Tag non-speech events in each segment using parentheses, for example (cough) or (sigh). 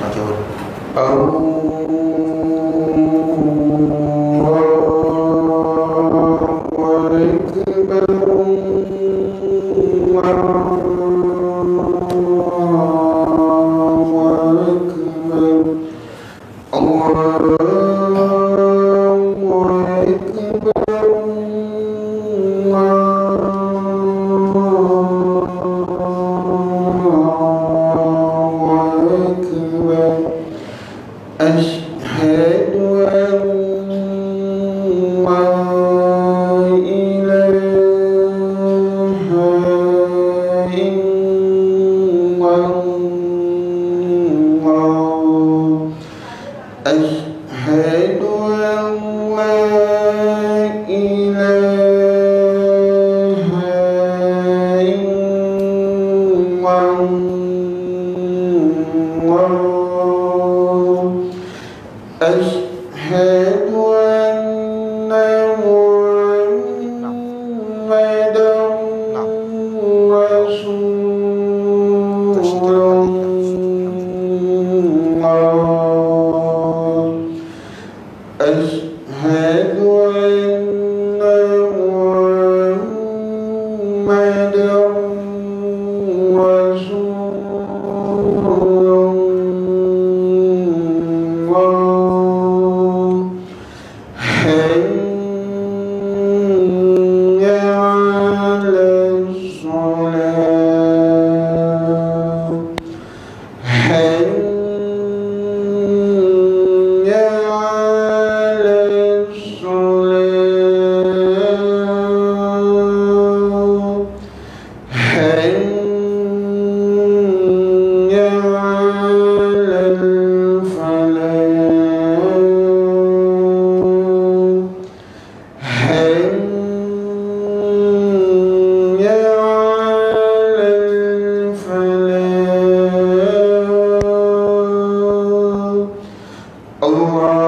majhul. Perlu Allah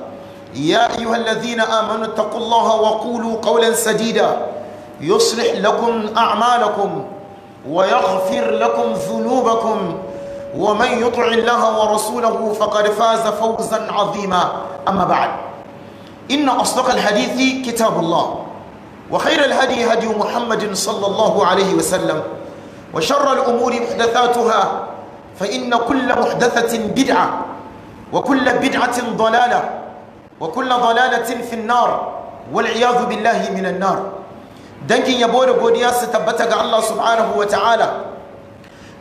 يا أيها الذين آمنوا اتقوا الله وقولوا قولا سديدا يصلح لكم أعمالكم ويغفر لكم ذنوبكم ومن يطع الله ورسوله فقد فاز فوزا عظيما أما بعد إن أصدق الحديث كتاب الله وخير الهدي هدي محمد صلى الله عليه وسلم وشر الأمور محدثاتها فإن كل محدثة بدعة وكل بدعة ضلالة وكل ضلالة في النار والعياذ بالله من النار دنكن يبو da godiya su tabbata ga Allah subhanahu wa ta'ala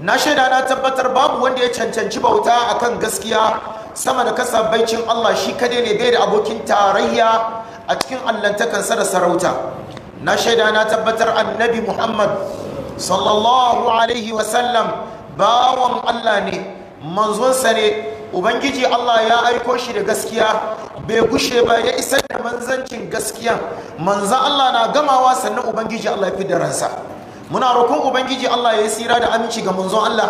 na shaida na tabbatar babu wanda ya cancanci bauta akan gaskiya sama da baicin Allah shi kadai ne bai da abokin tarayya a cikin allantakansa da sarauta na shaida na tabbatar annabi Muhammad sallallahu bawan Allah ne manzonsa ne ubangiji Allah ya aiko shi da gaskiya bai gushe ba ya isar da manzancin gaskiya manza Allah na gamawa sannan ubangiji Allah ya fi da ransa muna roƙon ubangiji Allah ya yi tsira da aminci ga manzon Allah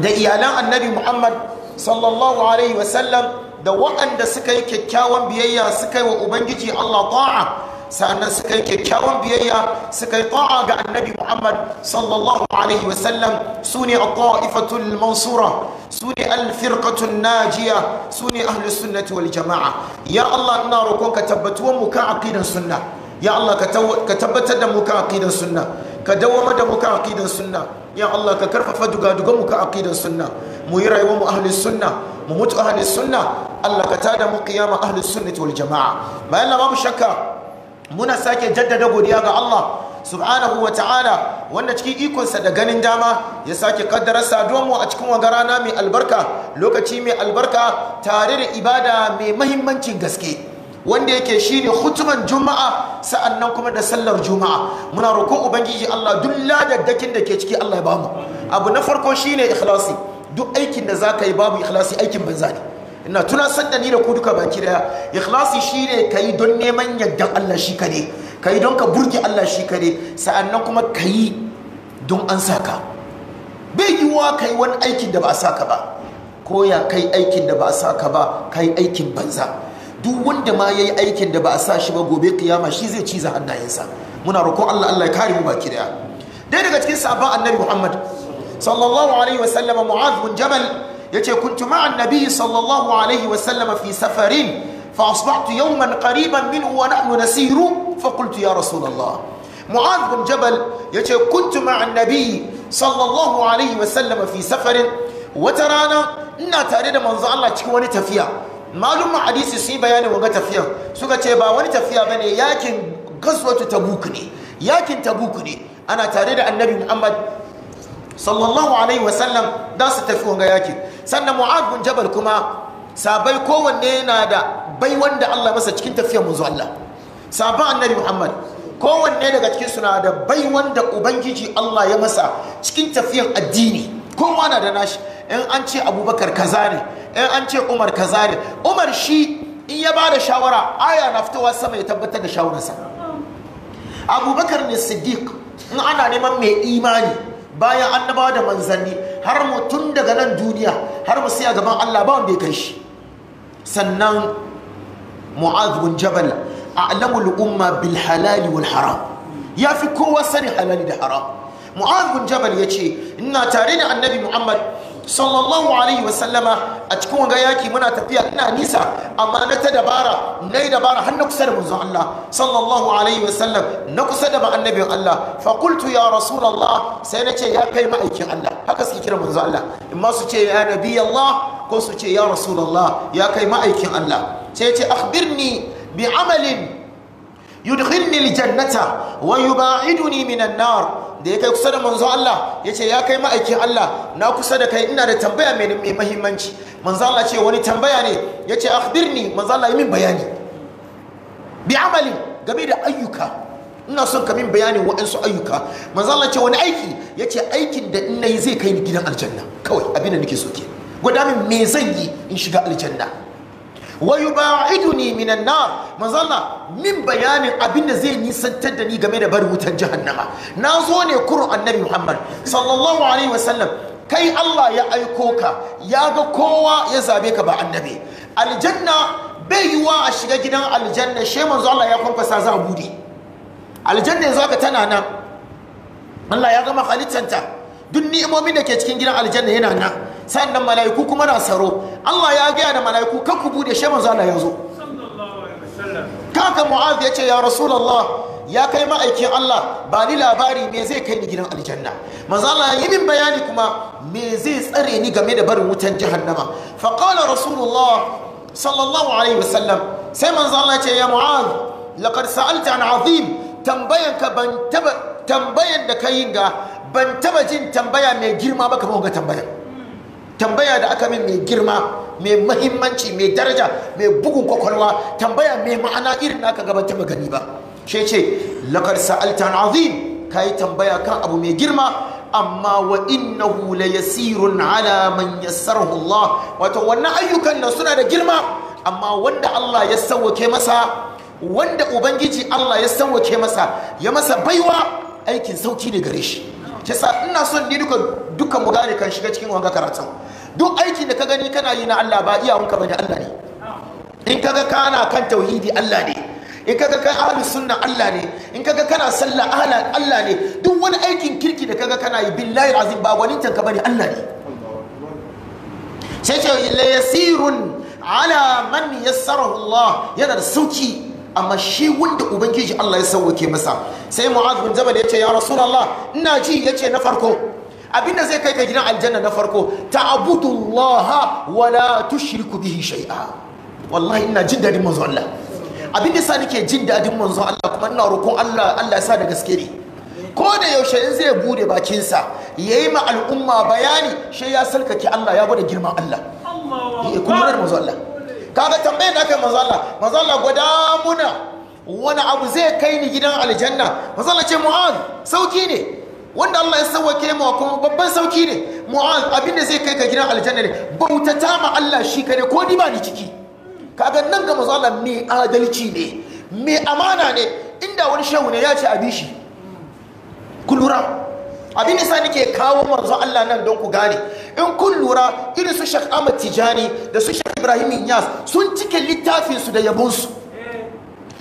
da iyalan annabi Muhammad sallallahu alaihi wasallam da waɗanda suka yi kyakkyawan biyayya suka yi wa ubangiji Allah ta'a sa'annan suka yi kyakkyawan biyayya suka yi ta'a ga annabi muhammad sallallahu alaihi wasallam su ne al-ta'ifatul mansura su ne al najiya su ne ahli sunnati wal jama'a ya allah ina roƙon ka tabbatuwan mu kan aqidan sunna ya allah ka tabbatar da mu kan aqidan sunna ka dawwama da mu kan aqidan sunna ya Allah ka karfafa dugadugan mu ka aqidan sunna mu yi rayuwar mu ahli sunna mu mutu ahli sunna Allah ka tada mu qiyama ahli sunnati wal jamaa bayan la babu shakka muna sake jaddada godiya ga Allah subhanahu wa ta'ala wanda cikin ikonsa da ganin dama ya sake kaddara mu a cikin wanga rana mai albarka lokaci mai albarka tare da ibada mai mahimmancin gaske wanda yake shine hutuman juma'a sa'annan kuma da sallar juma'a muna roƙon ubangiji Allah duk ladaddakin da ke ciki Allah ya bamu abu na farko shine ikhlasi duk aikin da zaka yi babu ikhlasi aikin banza ne ina tunasar da ni da ku duka baki daya ikhlasi shine kai don neman yaddan Allah shi kare kai don ka burge Allah shi kare sa'annan kuma kai don an saka bai yiwuwa kai wani aikin da ba a saka ba ko ya kai aikin da ba a saka ba kai aikin banza duk wanda ma yayi aikin da ba a sa shi ba gobe kiyama shi zai ciza hannayensa muna roƙon Allah Allah ya kare mu baki daya dai daga cikin sahabban annabi Muhammad sallallahu alaihi wasallam Mu'adh bin Jabal yace kuntu ma'an nabiy sallallahu alaihi wa sallam fi safarin fa asbahtu yawman qariban minhu wa nahnu nasiru fa qultu ya rasul Allah Mu'adh bin Jabal yace kuntu ma'an nabiy sallallahu alaihi wa sallam fi safarin wa tarana ina tare da manzo Allah cikin wani tafiya malum hadisi sun bayani wanga tafiya suka ce ba wani tafiya bane yakin gaswatu tabuk ne yakin tabuk ne ana tare da annabi Muhammad sallallahu alaihi wasallam da su tafi wanga yaki sannan mu'ad bin jabal kuma sabai kowanne na da bai wanda Allah masa cikin tafiyar zuwa Allah Sabai annabi Muhammad kowanne daga cikin suna da bai wanda ubangiji Allah ya masa cikin tafiyar addini kowa na da nashi in an ce abubakar kaza ne in an ce umar kaza ne umar shi in ya bada shawara aya na fitowa sama ya tabbatar da shawararsa abubakar ne siddiq in ana neman mai imani bayan annaba da manzanni har mu tun daga nan duniya har mu siya gaban Allah ba wanda ya kai shi sannan mu'adh bin jabal a'lamul umma bil halali wal haram ya fi kowa sanin halali da haram mu'adh bin jabal ce ina tare da annabi Muhammad sallallahu alaihi wasallama a cikin wanga yaki muna tafiya ina nisa amma na ta dabara na yi dabara har na kusa da manzon Allah sallallahu alaihi wasallam na kusa da annabin Allah fa qultu ya rasulullah sai na ce ya kai ma'aikin Allah haka suke kira manzon Allah in ma su ce ya nabi Allah ko su ce ya rasulullah ya kai ma'aikin Allah sai ya ce akhbirni bi amalin yudkhilni aljannata wa yubaiduni minan nar da ya kai kusa da manzo Allah ya ce ya kai ma'aikin Allah na kusa da kai ina da tambaya mai mahimmanci manzo Allah ce wani tambaya ne ya ce akhbirni manzo Allah yi min bayani bi amali game da ayyuka ina son ka min bayanin waɗansu ayyuka manzo Allah ce wani aiki ya ce aikin da in yi zai kai ni gidan aljanna kawai abin da nake so ke gwada min me zan yi in shiga aljanna wa yuba'iduni minan nar manzo Allah min bayanin abinda zai nisantar da ni game da bar wutar jahannama na zo ne kurun annabi Muhammad sallallahu alaihi wasallam kai Allah ya aiko ka ya ga kowa ya zabe ka ba annabi aljanna bai yiwa a shiga gidan aljanna she manzo Allah ya kwankwasa za a aljanna yanzu haka tana nan Allah ya gama halittanta duk ni'imomin da ke cikin gidan aljanna yana nan sannan mala'iku kuma na tsaro Allah ya gaya da mala'iku kan ku bude shi manzo Allah ya zo kaka mu'az ya ce ya rasulullah ya kai ma'aikin Allah ba ni labari me zai kai ni gidan aljanna manzo Allah yi min bayani kuma me zai tsare ni game da barin wutan jahannama fa qala rasulullah sallallahu alaihi wasallam sai manzo Allah ya ce ya mu'az laqad sa'alta an azim tambayan ka ban taba tambayan da kai ga ban taba jin tambaya mai girma ba kamar ga tambayan tambaya da aka min mai girma mai mahimmanci mai daraja mai bugun kwakwalwa tambaya mai ma'ana irin naka gaban ta magani ba shi ce lakar sa'altan azim ka yi tambaya kan abu mai girma amma wa hula ya yasirun ala man ya sarhullah wato wannan ayyukan na suna da girma amma wanda Allah ya sauwake masa wanda ubangiji Allah ya sauwake masa ya masa baiwa aikin sauki ne gare shi kisa ina son ni duka dukan mu gane kan shiga cikin wanga karatun duk aiki da ka gani kana yi na Allah ba iyawanka bane Allah ne in kaga kana kan tauhidi Allah ne in kaga kai ahlus sunna Allah ne in kaga kana sallah ahlan Allah ne duk wani aikin kirki da kaga kana yi billahi azim ba wani tanka bane Allah ne sai ce la yasirun ala man yassarahu Allah yana da sauki amma shi wanda ubangiji Allah ya sauke masa sai mu'adh bin jabal yace ya rasulullah ina ji yace na farko abinda zai kai ka gidan aljanna na farko ta'budullaha wa la tushriku bihi shay'a wallahi ina jin dadin manzo Allah abinda sa nake jin dadin manzo Allah kuma ina roƙon Allah Allah ya sa da gaske ne ko da yaushe in zai bude sa yayi ma al'umma bayani shi ya salkake Allah ya gwada girman Allah eh, Allah kuma manzo Allah kaga tambayar da aka yi mazala mazala gwada muna wani abu zai kai ni gidan aljanna mazala ce mu'an sauki ne wanda Allah ya sauwake mu kuma babban sauki ne mu'an abin da zai kai ka gidan aljanna ne bautata ma Allah shi ne ko ni ba ni ciki kaga nan ga mazala mai adalci ne mai amana ne inda wani shehu ne ya ce a bi shi kulura abin nisa nake kawo manzo Allah nan don ku gane in kun lura irin su Sheikh Ahmad Tijani da su Sheikh Ibrahim Inyas sun cike littafin su da yabon su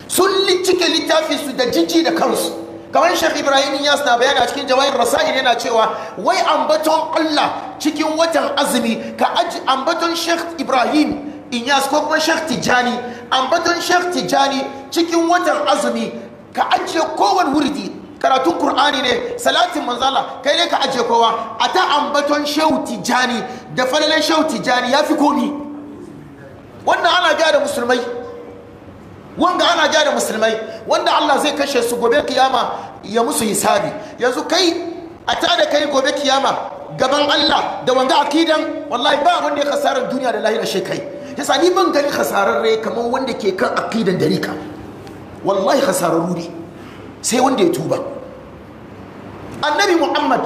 sun cike littafin su da jiji da kansu kamar Sheikh Ibrahim Inyas na bayani a cikin jawahir rasail yana cewa wai ambaton Allah cikin watan azumi ka aji ambaton Sheikh Ibrahim Inyas ko kuma Sheikh Tijani ambaton Sheikh Tijani cikin watan azumi ka ajiye kowane wurdi karatun Kur'ani ne salatin manzala kai ne ka ajiye kowa a ta ambaton shehu tijani da falalen shehu tijani ya fi komi Wanda ana gaya da musulmai wanda ana gaya da musulmai wanda Allah zai kashe su gobe kiyama ya musu hisabi yanzu kai a ta da kai gobe kiyama gaban Allah da wanga akidan wallahi ba wanda ya kasarar duniya da lahira shi kai sa ni ban gani kasararre kamar wanda ke kan akidan rika. wallahi kasararru ne sai wanda ya tuba annabi muhammad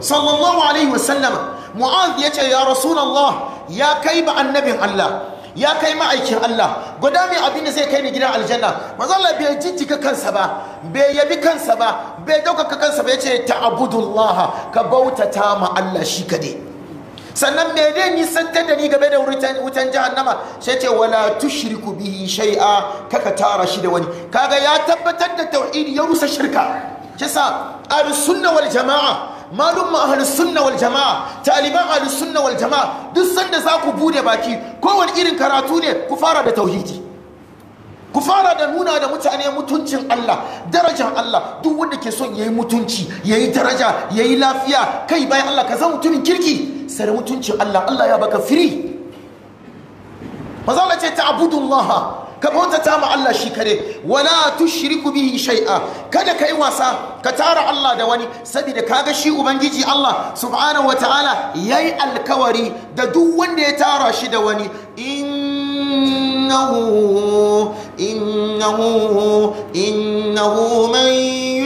sallallahu alaihi wasallama mu'az ya ce ya rasulallah ya kai ba annabin allah ya kai ma'aikin Allah guda mai abin da zai kai ni gidan aljanna mazalla bai jijjika kansa ba bai yabi kansa ba bai ɗaukaka kansa ba ya ce ta'abudullaha ka bautata ma Allah shi kadai sannan me dai nisantar da ni game da wutan jahannama sai ce wala tushriku bihi shay'a kaka tara shi da wani kaga ya tabbatar da tauhidi ya rusa shirka kisa ahlus sunna wal jamaa malum ma ahli sunna wal jamaa taliban ahli sunna wal jamaa duk sanda za ku bude baki kowane irin karatu ne ku fara da tauhidi ku fara da nuna da mutane mutuncin Allah darajar Allah duk wanda ke son yayi mutunci yayi daraja yayi lafiya kai bai Allah ka zama mutumin kirki sai mutuncin Allah Allah ya baka firi. maza ta ce ta'budullaha ka bauta ta ma Allah shi kare wala tushriku bihi shay'a kada kai wasa ka tara Allah da wani saboda kaga shi ubangiji Allah subhanahu wataala yayi alkawari da duk wanda ya tara shi da wani innahu إنه إنه من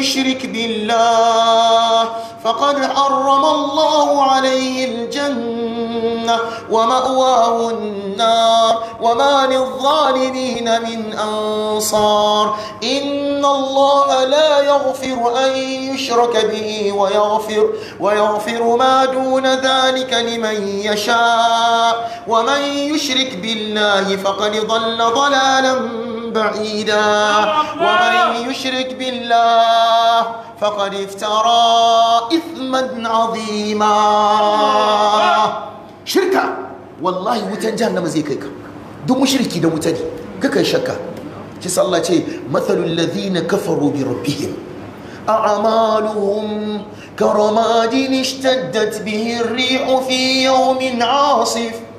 يشرك بالله فقد حرم الله عليه الجنة ومأواه النار وما للظالمين من أنصار إن الله لا يغفر أن يشرك به ويغفر, ويغفر ما دون ذلك لمن يشاء ومن يشرك بالله فقد ضل ضلالا بعيدا ومن يشرك بالله فقد افترى إثما عظيما شركة والله وتنجهنم زي كيكا دو مشركي دو متني كيكا شكا كيس الله تي مثل الذين كفروا بربهم أعمالهم كرماد اشتدت به الريح في يوم عاصف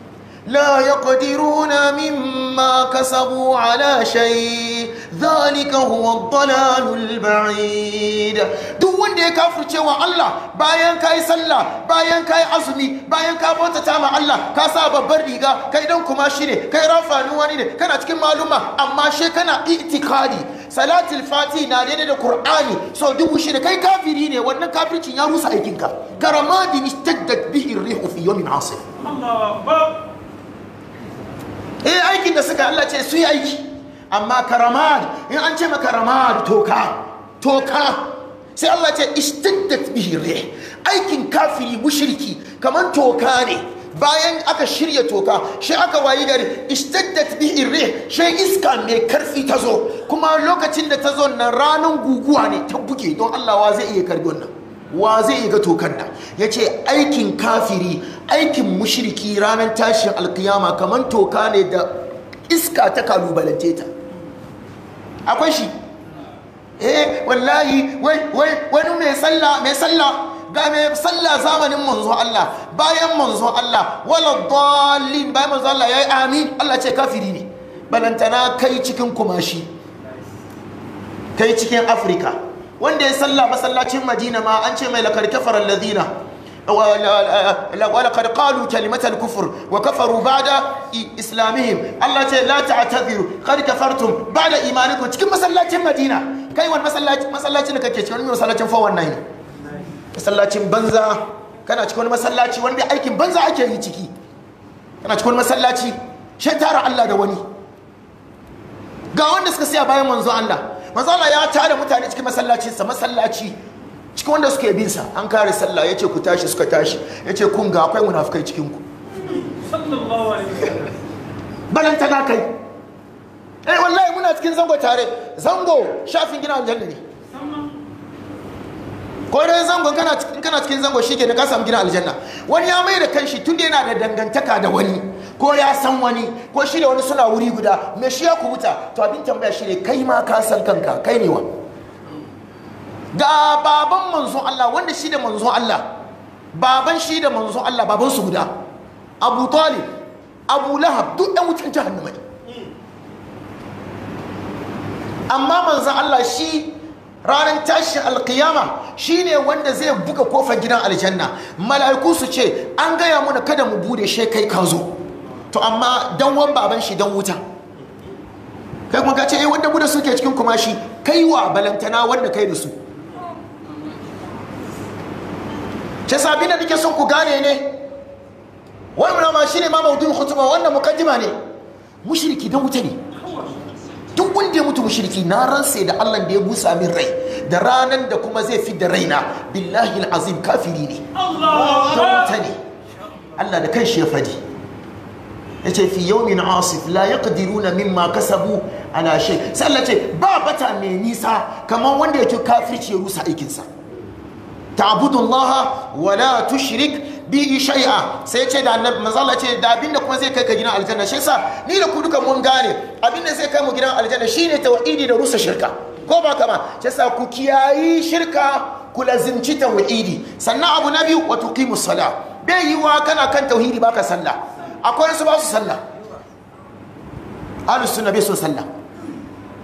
لا يقدرون مما كسبوا على شيء ذلك هو الضلال البعيد duk wanda ya kafirce wa Allah bayan yi sallah bayan yi azumi bayan ka bautata ma Allah ka sa babbar riga kai dan kuma shi ne kai rafanin wani ne kana cikin maluma amma she kana itikadi salatul fati na daidai da qur'ani so dubu shi kai kafiri ne wannan kafircin ya rusa aikinka karama bi istaddat bihi rihu fi yawmin asif Allah eh aikin da suka Allah ce su yi aiki amma karamar in an ce ma toka toka sai Allah ce istintat bihi aikin kafiri mushriki kamar toka ne bayan aka shirya toka shi aka wayi gari istintat bihi shi iska mai karfi ta zo kuma lokacin da ta zo nan ranar guguwa ne ta buge don Allah wa zai iya karbi wannan wa zai ga tokan ya ce aikin kafiri aikin mushiriki ranar tashin alkiyama kamar toka ne da iska ta kalubalance ta akwai shi eh wallahi wani mai sallah mai sallah ga mai sallah zamanin manzo Allah bayan manzo Allah wala dallin bayan manzo Allah yayi amin Allah ce kafiri ne balantana kai cikin kumashi kai cikin Afirka wanda ya salla masallacin madina ma an ce mai lakar kafarar ladina ولقد قالوا كلمة الكفر وكفروا Allah ce الله تعالى لا تعتذروا قد ba da إيمانكم cikin masallacin Madina kai wani masallacin masallacin da kake cikin wani masallacin 419 masallacin banza kana cikin wani masallaci wanda aikin banza ake yi ciki kana cikin wani masallaci shi tara Allah da wani ga wanda suka siya bayan manzo Allah manzala ya tare mutane cikin masallacinsa masallaci cikin wanda suke bin sa an kare sallah yace ku tashi suka tashi yace kun ga akwai munafikai cikin ku sallallahu alaihi balanta na kai eh wallahi muna cikin zango tare zango shafin gina aljanna ne ko dai zango kana cikin kana cikin zango shike ne ka samu gina aljanna wani ya mai da kanshi tun da yana da dangantaka da wani ko ya san wani ko shi da wani suna wuri guda me shi ya kubuta to abin tambaya shi ne kai ma ka san kanka kai ne wa ga baban manzon Allah wanda shi da manzon Allah baban shi da manzon Allah baban su guda Abu Talib Abu Lahab duk ɗan wucin jahannama ne amma manzon Allah shi ranar tashi alkiyama shi ne wanda zai buga kofar gidan aljanna mala'iku su ce an gaya muna kada mu bude shi kai ka zo to amma don danwan baban shi don wuta kai kun ce eh, wanda mu da suke cikin kuma shi kai wa balantana wanda kai da su ce sabi da nake son ku gane ne wannan ma ne ma maudu'in khutba wannan mukaddima ne Mushiriki don wuta ne duk wanda ya mutu mushiriki na ransa da Allah da ya busa min rai da ranar da kuma zai fi da raina billahi alazim kafiri ne Don wuta ne Allah da kan shi ya fadi yace fi yawmin asif la yaqdiruna mimma kasabu ala shay sai ce ba bata mai nisa kamar wanda ya yake kafirci ya rusa aikin sa ta'budu Allah wa la tushrik shay'a sai ce da annabi ce da abinda kuma zai kai ka gidan aljanna shi sa ni da ku duka mun gane abinda zai kai mu gidan aljanna shine tauhidi da rusa shirka ko ba kama shi sa ku kiyayi shirka ku lazimci tauhidi sannan abu na biyu wa tuqimus sala bai yiwa kana kan tauhidi baka sallah akwai su ba su sallah ahlus sunna bai so sallah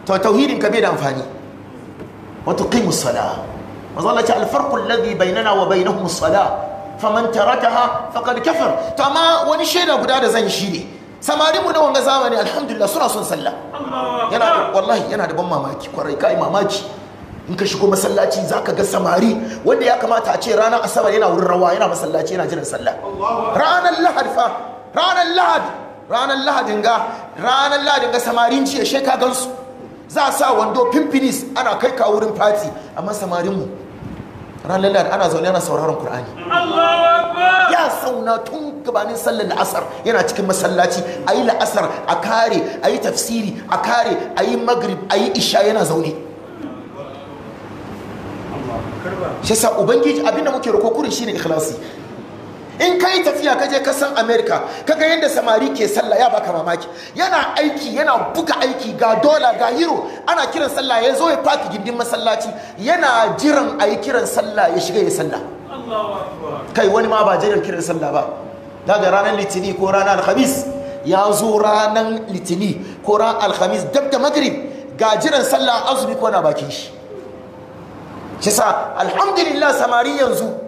to tauhidin ka bai da amfani wa tuqimu salah manzo Allah ce al farqu alladhi bainana wa bainahum as-salah faman tarakaha faqad kafar to amma wani shaida guda da zan shi ne samari mu da wanga zamani alhamdulillah suna son sallah yana da wallahi yana da ban mamaki kwarai kai mamaki in ka shigo masallaci zaka ga samari wanda ya kamata a ce ranar asabar yana wurin rawa yana masallaci yana jiran sallah ranar lahadi ranar lahadi ranar lahadin ga ranar lahadin ga samarin ciye sheka gansu za a sa wando pimpinis ana kai ka wurin fati amma samarinmu ranar lahadi ana zaune ana sauraron kur'ani ya sauna tun gabanin sallar la'asar yana cikin masallaci a yi la'asar a kare a yi tafsiri a kare a yi magrib a yi isha yana zaune shi sa ubangiji abinda muke roƙo kurin shine ikhlasi in ka yi tafiya ka je kasan Amerika ka ga yadda samari ke sallah ya baka mamaki yana aiki yana buga aiki ga dola ga euro ana kiran sallah ya zo ya faki gindin masallaci yana jiran a yi kiran sallah ya shiga ya sallah kai wani ma ba jiran kiran sallah ba daga ranar litini ko ranar alhamis ya zo ranar litini ko ranar alhamis dab da magrib ga jiran sallah azumi ko na bakin shi shi sa alhamdulillah samari yanzu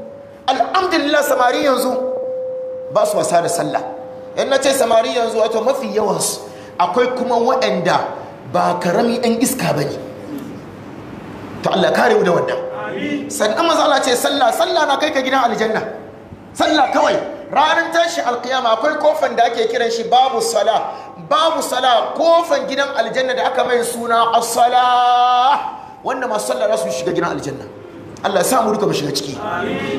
alhamdulillah samari yanzu ba su wasa da sallah yan na ce samari yanzu wato mafi yawansu akwai kuma waɗanda ba karami ɗan iska ba ne to Allah kare da wannan sannan maza ce sallah sallah na kai ka gidan aljanna sallah kawai ranar tashi alkiyama akwai kofan da ake kiran shi babu sala babu sala kofan gidan aljanna da aka mai suna Asala, sala wanda masu sallah za su shiga gidan aljanna Allah sa mu duka mu shiga ciki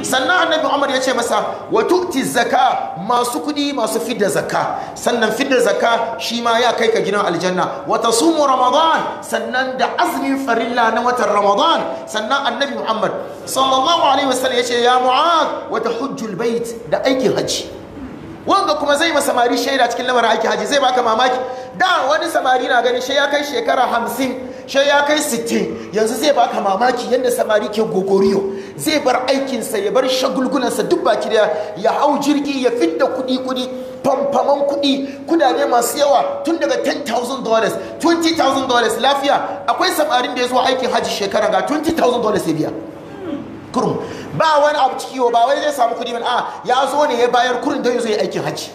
sannan annabi Umar ya ce masa wa tu'ti zaka masu kudi masu fidda zaka sannan fidda zaka shi ma ya kai ka gidan aljanna wa tasumu ramadan sannan da azumin farilla na watan ramadan sannan annabi Muhammad sallallahu alaihi wasallam ya ce ya mu'ad wa tahujjul bait da aikin haji wanda kuma zai ma samari shaida cikin lamarin aiki haji zai baka mamaki da wani samari na gani shi ya kai shekara hamsin shi ya kai sittin yanzu zai baka mamaki yadda samari ke gogoriyo zai bar aikinsa ya bar shagulgunansa duk baki da ya hau jirgi ya fidda kudi kudi famfaman kudi kudade masu yawa tun daga $10,000 $20,000 lafiya akwai samarin da ya zo aikin hajji shekara ga $20,000 ya biya kurum ba wani abu ciki ba wani zai samu kudi min a ya zo ne ya bayar kurin don zai aikin hajji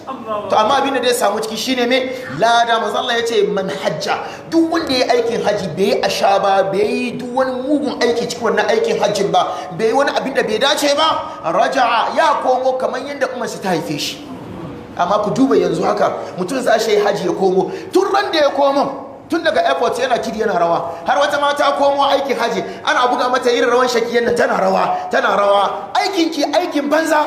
to amma abin da zai samu ciki shi ne me lada manzo Allah ce man hajja duk wanda ya aikin hajji bai asha ba bai duk wani mugun aiki cikin wannan aikin hajjin ba bai wani abin da bai dace ba raja'a ya komo kamar yadda kuma su ta haife shi amma ku duba yanzu haka mutum za shi haji ya komo tun ran da ya komo tun daga airport yana kidi yana rawa har wata mata komo aikin haji ana buga mata irin rawan shaki nan tana rawa tana rawa aikin ki aikin banza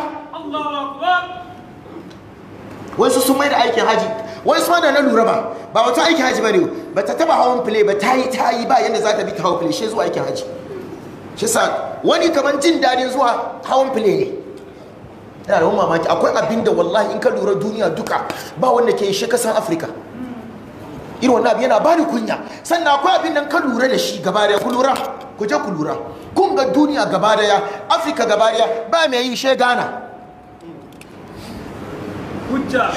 wasu sun mai da aikin haji wasu ma da na lura ba ba wata aikin haji ba ne ba ta taba hawan fule ba ta yi ta yi ba yadda za ta bi ta hawan fule shi zuwa aikin haji shi sa wani kamar jin dadin zuwa hawan fule ne yana da mamaki akwai abin da wallahi in ka lura duniya duka ba wanda ke yi shi kasan afirka irin wannan abu yana ba ni kunya sannan akwai abin nan ka lura da shi gaba daya ku lura ku je ku lura kun ga duniya gaba daya afirka gaba daya ba mai yi she gana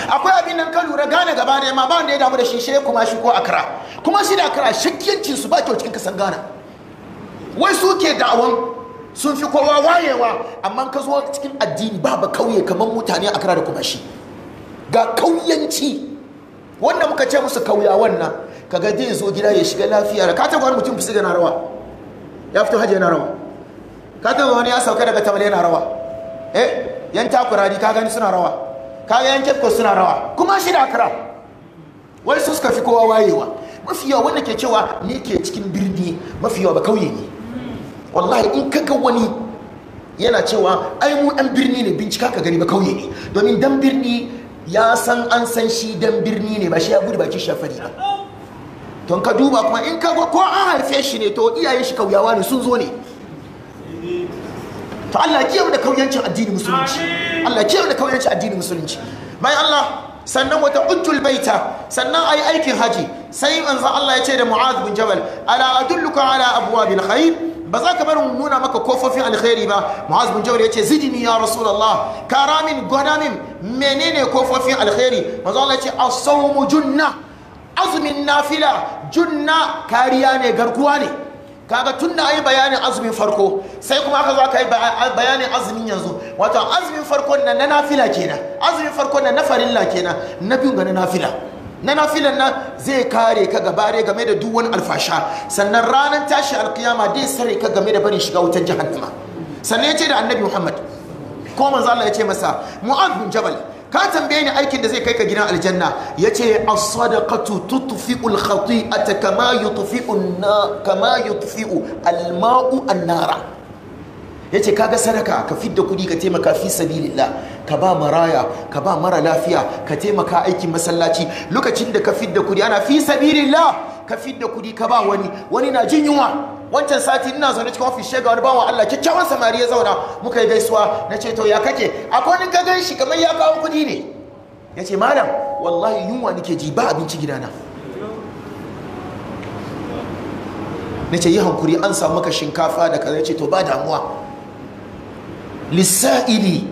akwai abin nan ka lura gana gaba daya ma ba wanda ya damu da shi she kuma shi ko akara kuma shi da akara shakkiyancin su ba kyau cikin kasan gana wai su ke da'awan sun fi kowa wayewa amma ka zo cikin addini babu kauye kamar mutane akara da kuma shi ga kauyanci wanda muka ce musu kauya wannan kaga zai zo gida ya shiga lafiya ka taba wani mutum fusi na rawa ya fito hajji yana rawa ka taba wani ya sauka daga tamale yana rawa eh yan takurari ka gani suna rawa ka ga yan kefko suna rawa kuma shi da akra wai su suka fi kowa wayewa mafi yawa wanda ke cewa ni ke cikin birni mafi yawa ba kauye ne wallahi in kaga wani yana cewa ai mu dan birni ne bincika ka gani ba kauye ne domin dan birni ya san an san shi dan birni ne ba shi ya gudu baki shafari ba don ka duba kuma in ka ga ko an haife shi ne to iyayen shi kauyawa ne sun zo ne to Allah kiyaye da kauyancin addinin musulunci Allah kiyaye da kauyancin addinin musulunci bayan Allah sannan wata ujjul baita sannan ayi aikin haji sai manzo Allah ya ce da Mu'adh bin Jabal ala adulluka ala abwabil khair ba za ka barin nuna maka kofofin alkhairi ba mu'az bin ya yace zidni ya rasulullah kara min gwada min menene kofofin alkhairi manzo Allah yace as junna azumin nafila junna kariya ne garkuwa ne kaga tun da ayi bayanin azumin farko sai kuma aka zo yi bayanin azumin yanzu wato azumin farko na na nafila kenan azumin farkon na na farilla kenan na biyu ga na nafila na nafilan nan zai kare ka gabare game da duk wani alfasha sannan ranar tashi alkiyama dai sare ka game da barin shiga wutar jahannama sannan ya ce da annabi muhammad ko manzo Allah ya ce masa mu'adh bin jabal ka tambaye ni aikin da zai kai ka gidan aljanna yace as-sadaqatu tutfi'u al-khati'ata kama yutfi'u kama yutfi'u al-ma'u an-nara ya ce kaga sadaka ka fidda kudi ka taimaka fi sabilillah ka ba maraya ka ba mara lafiya ka taimaka aikin masallaci lokacin da ka fidda kudi ana fi sabilillah ka fidda kudi ka ba wani wani na jin yunwa wancan sati ina zaune cikin ofis shega wani bawan Allah kyakkyawan samari ya zauna muka yi gaisuwa na ce to ya kake akwai wani gagan shi kamar ya kawo kudi ne ya ce malam wallahi yunwa nake ji ba abinci gidana na ce yi hankuri an samu maka shinkafa da kaza ce to ba damuwa lissa'ili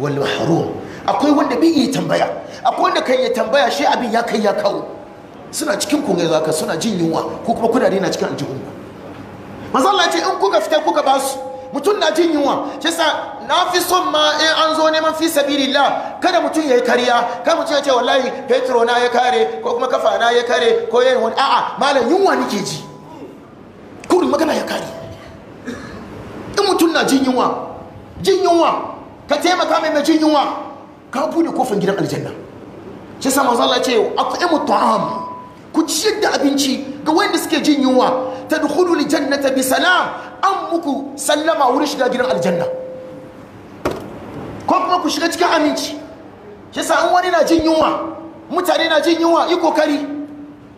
wal mahrum akwai wanda bai yi tambaya akwai wanda kai yi tambaya shi abin ya kai ya kawo suna cikin kunga zaka suna jin yunwa ko kuma kudade na cikin aljihun ku manzo Allah ce in kuka fita kuka basu mutum na jin yunwa shi sa na fi son ma in an zo neman fi sabilillah kada mutum yayi kariya kada mutum ya ce wallahi petro na ya kare ko kuma kafa na ya kare ko yayin wani a'a malam yunwa nake ji kurin magana ya kare in mutum na jin yunwa jin yunwa ka taimaka mai jin yunwa ka bude kofin gidan aljanna shi sa manzo Allah ya ce imu ta'am ku ciyar da abinci ga wanda suke jin yunwa tadkhulu ta bi salam an muku sallama wurin shiga gidan aljanna ko kuma ku shiga cikin aminci shi sa wani na jin yunwa mutane na jin yunwa yi kokari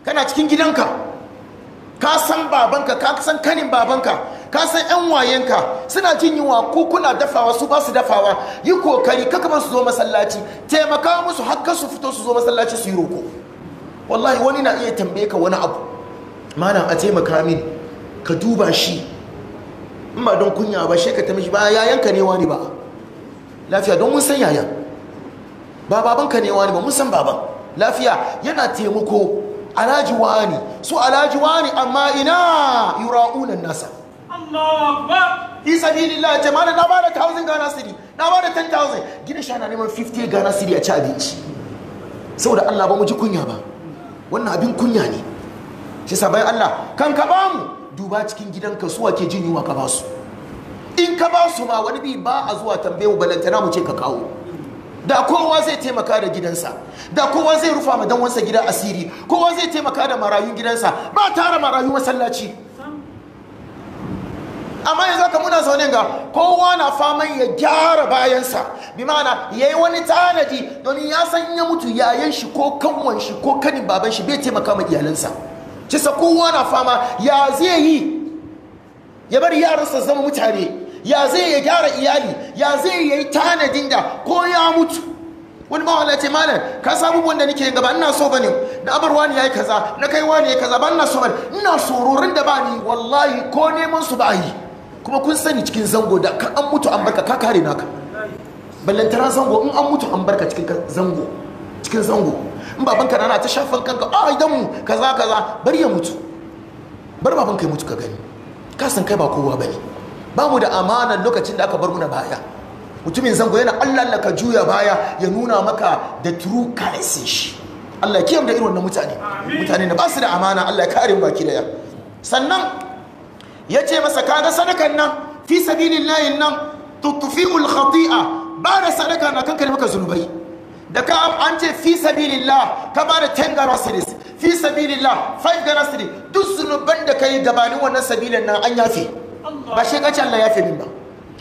kana cikin gidanka ka san babanka ka san kanin babanka ka san yan wayenka suna jin yunwa ko kuna dafawa su ba su dafawa yi kokari ka kama su zo masallaci taimaka musu har su fito su zo masallaci su yi roko wallahi wani na iya tambaye ka wani abu mana a taimaka min ka duba shi in ba don kunya ba shi ka mishi ba yayanka ne wani ba lafiya don mun san yayan ba babanka ne wani ba mun san baban lafiya yana taimako alhaji wani su alhaji ne amma ina yura'unan nasa isa ya ce jama'a na bada 1000 Ghana city na bada 10000 gidan sha na neman 50 Ghana city a ci abinci saboda Allah ba mu ji kunya ba wannan abin kunya ne shi sabai Allah kan ka bamu duba cikin ka su ke jin yiwa ka basu in ka basu ma wani bi ba a zuwa tambaye mu balantana mu ce ka kawo da kowa zai taimaka da gidansa da kowa zai rufa ma danwansa gida asiri kowa zai taimaka da marayun gidansa ba tara marayu masallaci amma yanzu ka muna zaune ga kowa na fama ya gyara bayansa bi ma'ana ya yi wani tanadi domin ya san ya mutu yayan shi ko kanwan shi ko kanin baban shi bai taimaka ma iyalansa cisa kowa na fama ya zai yi ya bari yaransa zama mutane ya zai ya gyara iyali ya zai ya yi tanadin da ko ya mutu wani ma wala ce malam ka samu abubuwan da yin gaba ina so ba ne na abarwa ne ya yi kaza na kai ya yi kaza ba ina so ba ne ina sororin da bani wallahi ko neman su ba yi kuma kun sani cikin zango da kan an mutu an barka ka kare naka ballantara zango in an mutu an barka cikin zango cikin zango in babanka na ta shafan kanka a ah, idan mu kaza kaza bari ya mutu bar baban kai mutu ka gani ka san kai ba kowa ba ne. ba mu da amanar lokacin da aka bar mu na baya mutumin zango yana Allah Allah ka juya baya ya nuna maka da true kalisin shi Allah ya kiyam da irin wannan mutane mutane da ba su da amana Allah ya kare mu baki ya sannan ya ce masa kaga sadakan nan fi layin nan tuttufi ulkhati'a ba da sadaka na kanka ne maka zunubai da ka an ce fi la, ka ba da 10 garasiris fi la, 5 garasiris duk zunuban da ka yi gabanin wannan sabilin nan an yafe ba shi kace Allah ya fi min ba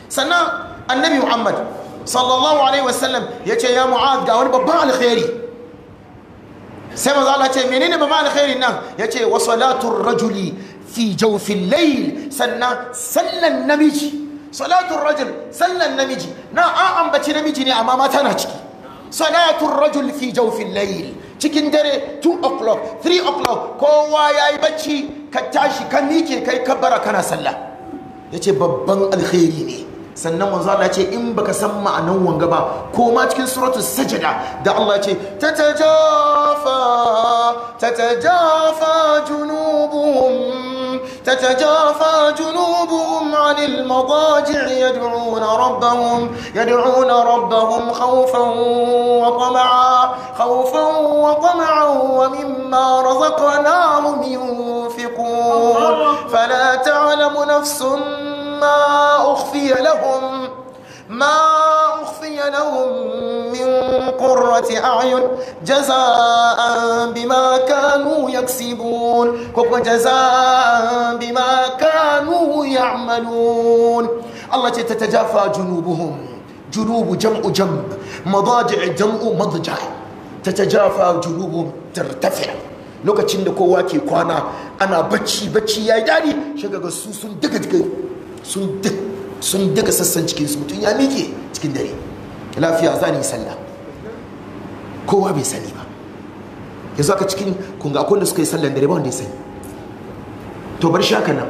sannan annabi Muhammad sallallahu alaihi wasallam ya ce ya mu'az ga wani babban alkhairi sai maza Allah ce menene babban alkhairi nan ya ce wa salatu rajuli fi jawfil layl sannan sallan namiji salatun rajul sallan namiji na an ambaci namiji ne amma mata na ciki salatun rajul fi jawfin cikin dare 2 o'clock 3 o'clock kowa ya yi bacci ka tashi ka mike kai ka bara kana sallah ya ce babban alkhairi ne sannan manzo Allah ce in baka san ma'anan wanga ba ko ma cikin suratul sajada da Allah ce tatajafa tatajafa junubuhum تتجافى جنوبهم عن المضاجع يدعون ربهم يدعون ربهم خوفا وطمعا خوفا وطمعا ومما رزقناهم ينفقون فلا تعلم نفس ما أخفي لهم ما أخفي لهم من قرة أعين جزاء بما كانوا يكسبون كوكو جزاء بما كانوا يعملون الله تتجافى جنوبهم جنوب جمع جنب مضاجع جمع مضجع تتجافى جنوبهم ترتفع lokacin da kowa ke kwana ana bacci bacci ya yi daɗi shagaga su sun daga sun duk sun daga sassan cikinsu mutum ya miƙe cikin dare lafiya za ni sallah kowa bai sani ba ya zaka cikin kunga akwai da suka yi sallan dare ba wanda ya sani to bar shaka nan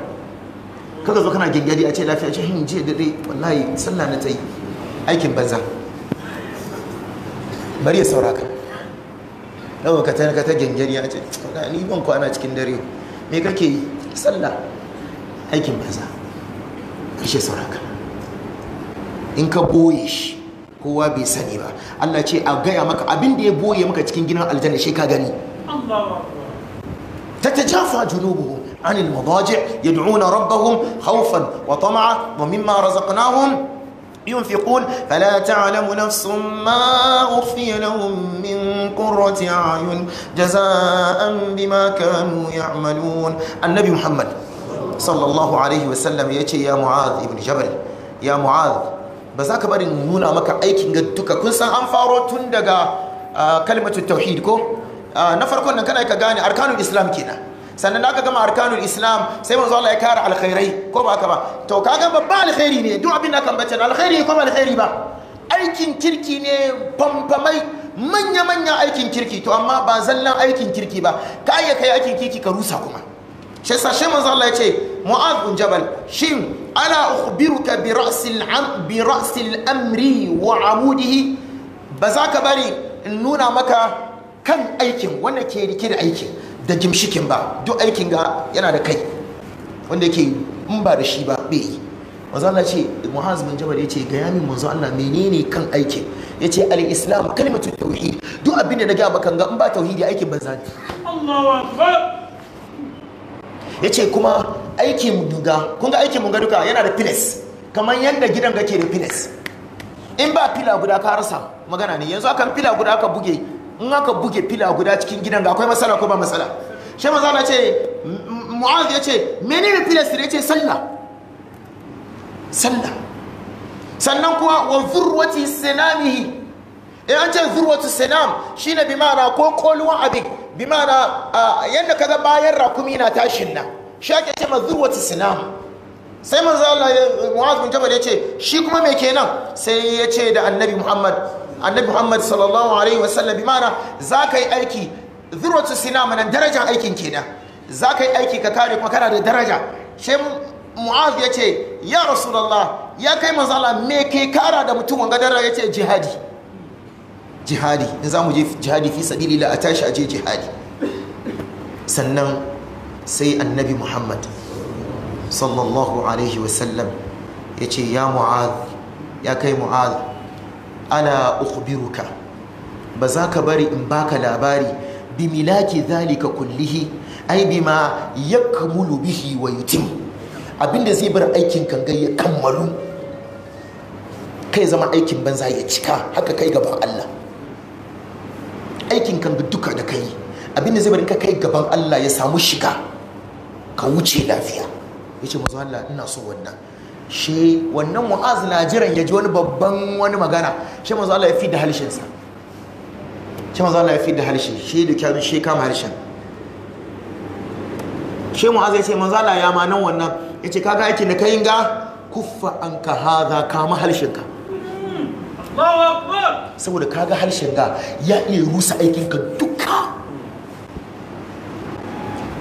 kaga zo kana gengadi a ce lafiya ce hin je dare wallahi sallah na ta yi aikin banza bari ya saura ka yawon ka ta ta gengadi a ce ni ban kwana cikin dare me kake yi sallah aikin banza ishe sauraka in ka boye shi kowa bai sani ba Allah ce a gaya maka abin da ya boye maka cikin gidan aljanna shi ka gani تتجافى جنوبهم عن المضاجع يدعون ربهم خوفا وطمعا ومما رزقناهم ينفقون فلا تعلم نفس ما أخفي لهم من قرة أعين جزاء بما كانوا يعملون النبي محمد sallallahu alaihi wasallam ya ce ya mu'az ibn jabal ya mu'az ba za ka bari nuna maka aikin ga duka kun san an faro tun daga ah, kalmatu tauhid ko ah, na farkon nan kana ka gane arkanul islam kenan sannan da aka gama arkanul islam sai manzo Allah ya kara alkhairai ko ba ka ba to ka ga babba alkhairi ne duk abin da kan bace alkhairi ko ba alkhairi ba aikin kirki ne bambamai manya manya aikin kirki to amma ba zallan aikin kirki ba ka iya kai aikin kirki ka rusa kuma shi sashe shi manzo ce yace bin jabal shin ala ukhbiruka bi ra'sil amri wa amudihi ba za ka bari in nuna maka kan aikin wanda ke rike da aikin da jimshikin ba duk aikin ga yana da kai wanda yake in ba da shi ba bai yi manzo Allah ce Muhaz bin Jabal yace ga yamin manzo Allah menene kan aikin yace al-islam kalimatu tauhid duk abin da na ga maka ga in ba tauhidi aikin ban ne Allahu ya ce kuma aikin duga kun ga aikin muga duka yana da pilas kamar yadda gidan ga ke da pilas in ba fila guda ka rasa magana ne yanzu akan fila guda aka buge in aka buge fila guda cikin gidan ga akwai matsala ko ba matsala shi maza na ce mu'az ya ce menene pilas ne ce sallah sallah sannan kuwa wa zurwati sinamihi in an ce zurwatu sinam shi ne bimara ko koluwan abin bimara yadda kaga bayan rakumi na tashin na. shi ake ce ma zurwatu sinam sai manzo Allah ya Mu'adh bin Jabal yace shi kuma me kenan sai yace da Annabi Muhammad Annabi Muhammad sallallahu alaihi wasallam bi ma'ana za yi aiki zurwatu sinam nan darajar aikin kenan za ka yi aiki ka kare kuma kana da daraja sai Mu'adh ya ce ya Rasulullah ya kai manzo Allah me ke kara da mutum wanga daraja ce jihadi jihadi in za mu je jihadi fi sabilillah a tashi a je jihadi sannan sai annabi muhammad sallallahu alaihi wasallam ya ce ya mu'ad ya kai mu'ad ana ukhbiruka ba za ka bari in baka labari bi milaki zalika kullihi ai bima yakmulu bihi wa yutim abinda zai bar aikin kangai ya kammalu kai zama aikin banza ya cika haka kai gaban Allah aikin kan duka da kai abin da zai bari ka kai gaban Allah ya samu shiga ka wuce lafiya yace manzo Allah ina so wannan she wannan mu'az na jiran ya ji wani babban wani magana she manzo Allah ya fi da halshinsa sa she manzo Allah ya fi da halshin she da kyanu she kama halshin she mu'az ya ce manzo Allah ya ma nan wannan yace kaga aikin da kai ga kuffa anka hadha kama halshen ka saboda kaga harshen da ya iya rusa aikinka duka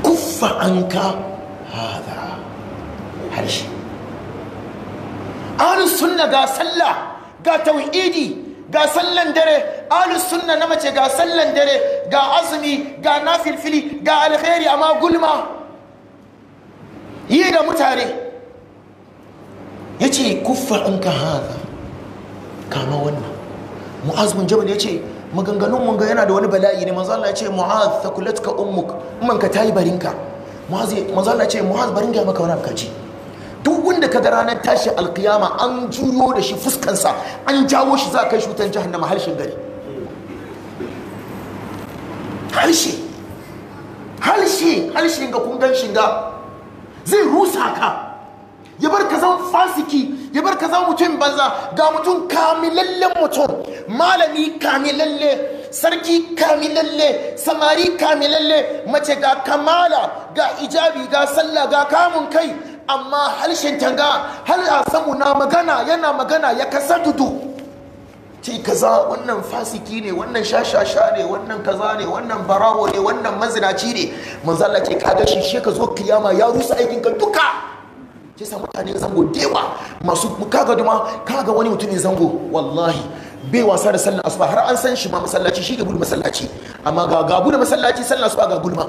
kuffa an ka hada harshe sunna ga sallah ga tauhidi ga sallan dare sunna na mace ga sallan dare ga azumi ga nafilfili ga alheri amma gulma yi da mutane yace kuffa an ka hada kama wannan mu'az bin jabal ya ce maganganun mun ga yana da wani bala'i ne manzo Allah ya ce mu'az thakulatka ummuk umman ka tayi barinka mu'az manzo Allah ya ce mu'az barin ga maka wani kaji duk wanda ka ga ranar tashi alqiyama an juyo da shi sa an jawo shi za kai shutan wutan jahannama harshen gari harshe harshe harshe ga kun gan ga zai rusa ka ya bar ka zama fasiki ya bar ka zama mutum banza ga mutum kamilallen mutum malami kamilalle sarki kamilalle samari kamilalle mace ga kamala ga ijabi ga sallah ga kamun kai amma harshen tanga har a samu na magana yana magana ya kasa tutu ce kaza wannan fasiki ne wannan shashasha ne wannan kaza ne wannan barawo ne wannan mazinaci ne manzala ce ka gashi shi ka zo kiyama ya rusa aikin ka duka shi sa mutane zango dewa masu kaga duma kaga wani mutumin zango wallahi bai wasa da sallan asuba har an san shi ma masallaci shi gabu da masallaci amma ga gabu da masallaci sallan asuba ga gulma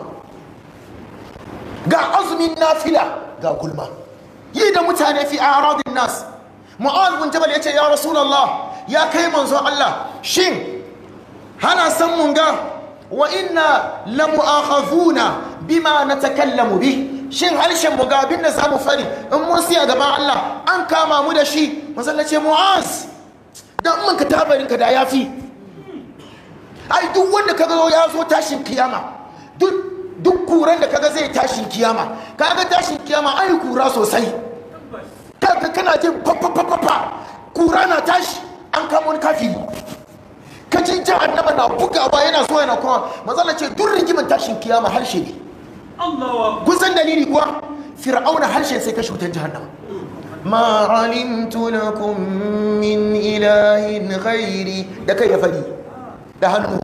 ga azumin nafila ga gulma yi da mutane fi aradin nas mu'az bin jabal yace ya rasulullah ya kai manzo Allah shin hana san mun ga wa inna lamu'akhazuna bima natakallamu bi? shin harshen mu ga abin da zamu fari in mun siya gaba Allah an kama mu da shi masallace mu'az dan mun ka tabarin ka da yafi ai duk wanda kaga zo ya zo tashin kiyama duk duk kuran da kaga zai tashin kiyama kaga tashin kiyama ai kura sosai kaga kana jin fafafafafa kura na tashi an kama wani kafiri kacin jihar na bugawa yana so yana kuma matsala ce duk rigimin tashin kiyama harshe ne kun san dalili kuwa fir'auna harshen sai kashe wutar jahannama ma alimtu lakum min ilahin ghairi da kai ya da hannu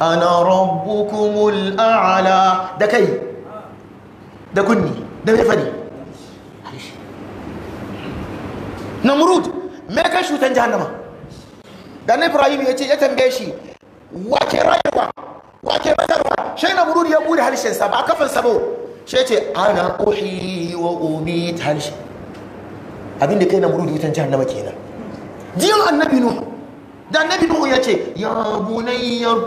ana rabbukumul a'la da kai da kunni da namrud me kai shutan jahannama dan ibrahim ya ce ya tambaye shi wace rayuwa ake batarwa shai na mururi ya harshen harshensa ba kafin sabo shai ce ana uhi wa umi ta harshe abin da kai na mururi wutan jahannama kenan jiyan annabi nuhu da annabi nuhu ya ce ya bunayyar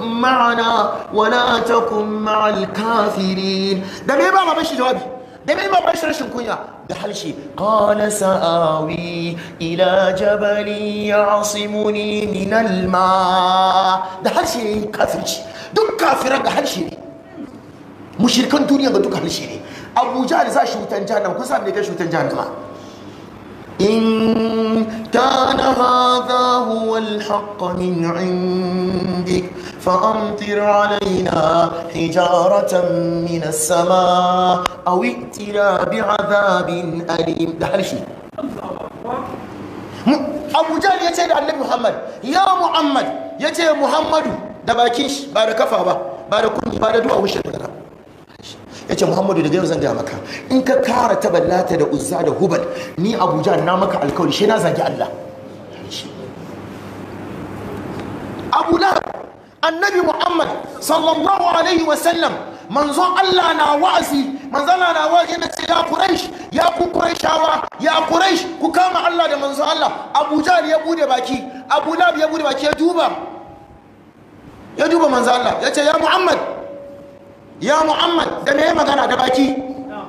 ma'ana wala ta ma'al kafirin da me ba ma bashi jawabi da bai ma shi rashin kunya da halshe qala sa'awi ila jabali ya'simuni min alma da halshe ne kafirci duk kafiran da halshe ne mushirkan duniya ga duk halshe ne abu jahal za shi wutan jahannama kun san me kai shutan jahannama in kana hadha huwa al-haqq min 'indik فأمطر علينا حجارة من السماء أو ائتنا بعذاب أليم ده هل شيء أبو جهل يتي النبي محمد يا محمد يتي محمد da bakin shi ba kafa ba ba da kunni ya ce muhammadu daga yau zan gaya maka in ka kara taballata da uzza da hubal ni abuja na maka alkawari shi na zagi allah abu lahab annabi muhammad sallallahu alaihi wasallam manzon allah na wa'azi manzon na wa'azi na ce ya quraish ya ku quraishawa ya quraish ku kama allah da manzon allah abu jahl ya bude baki abu lab ya bude baki ya duba ya duba manzon allah ya ce ya muhammad ya muhammad da me magana da baki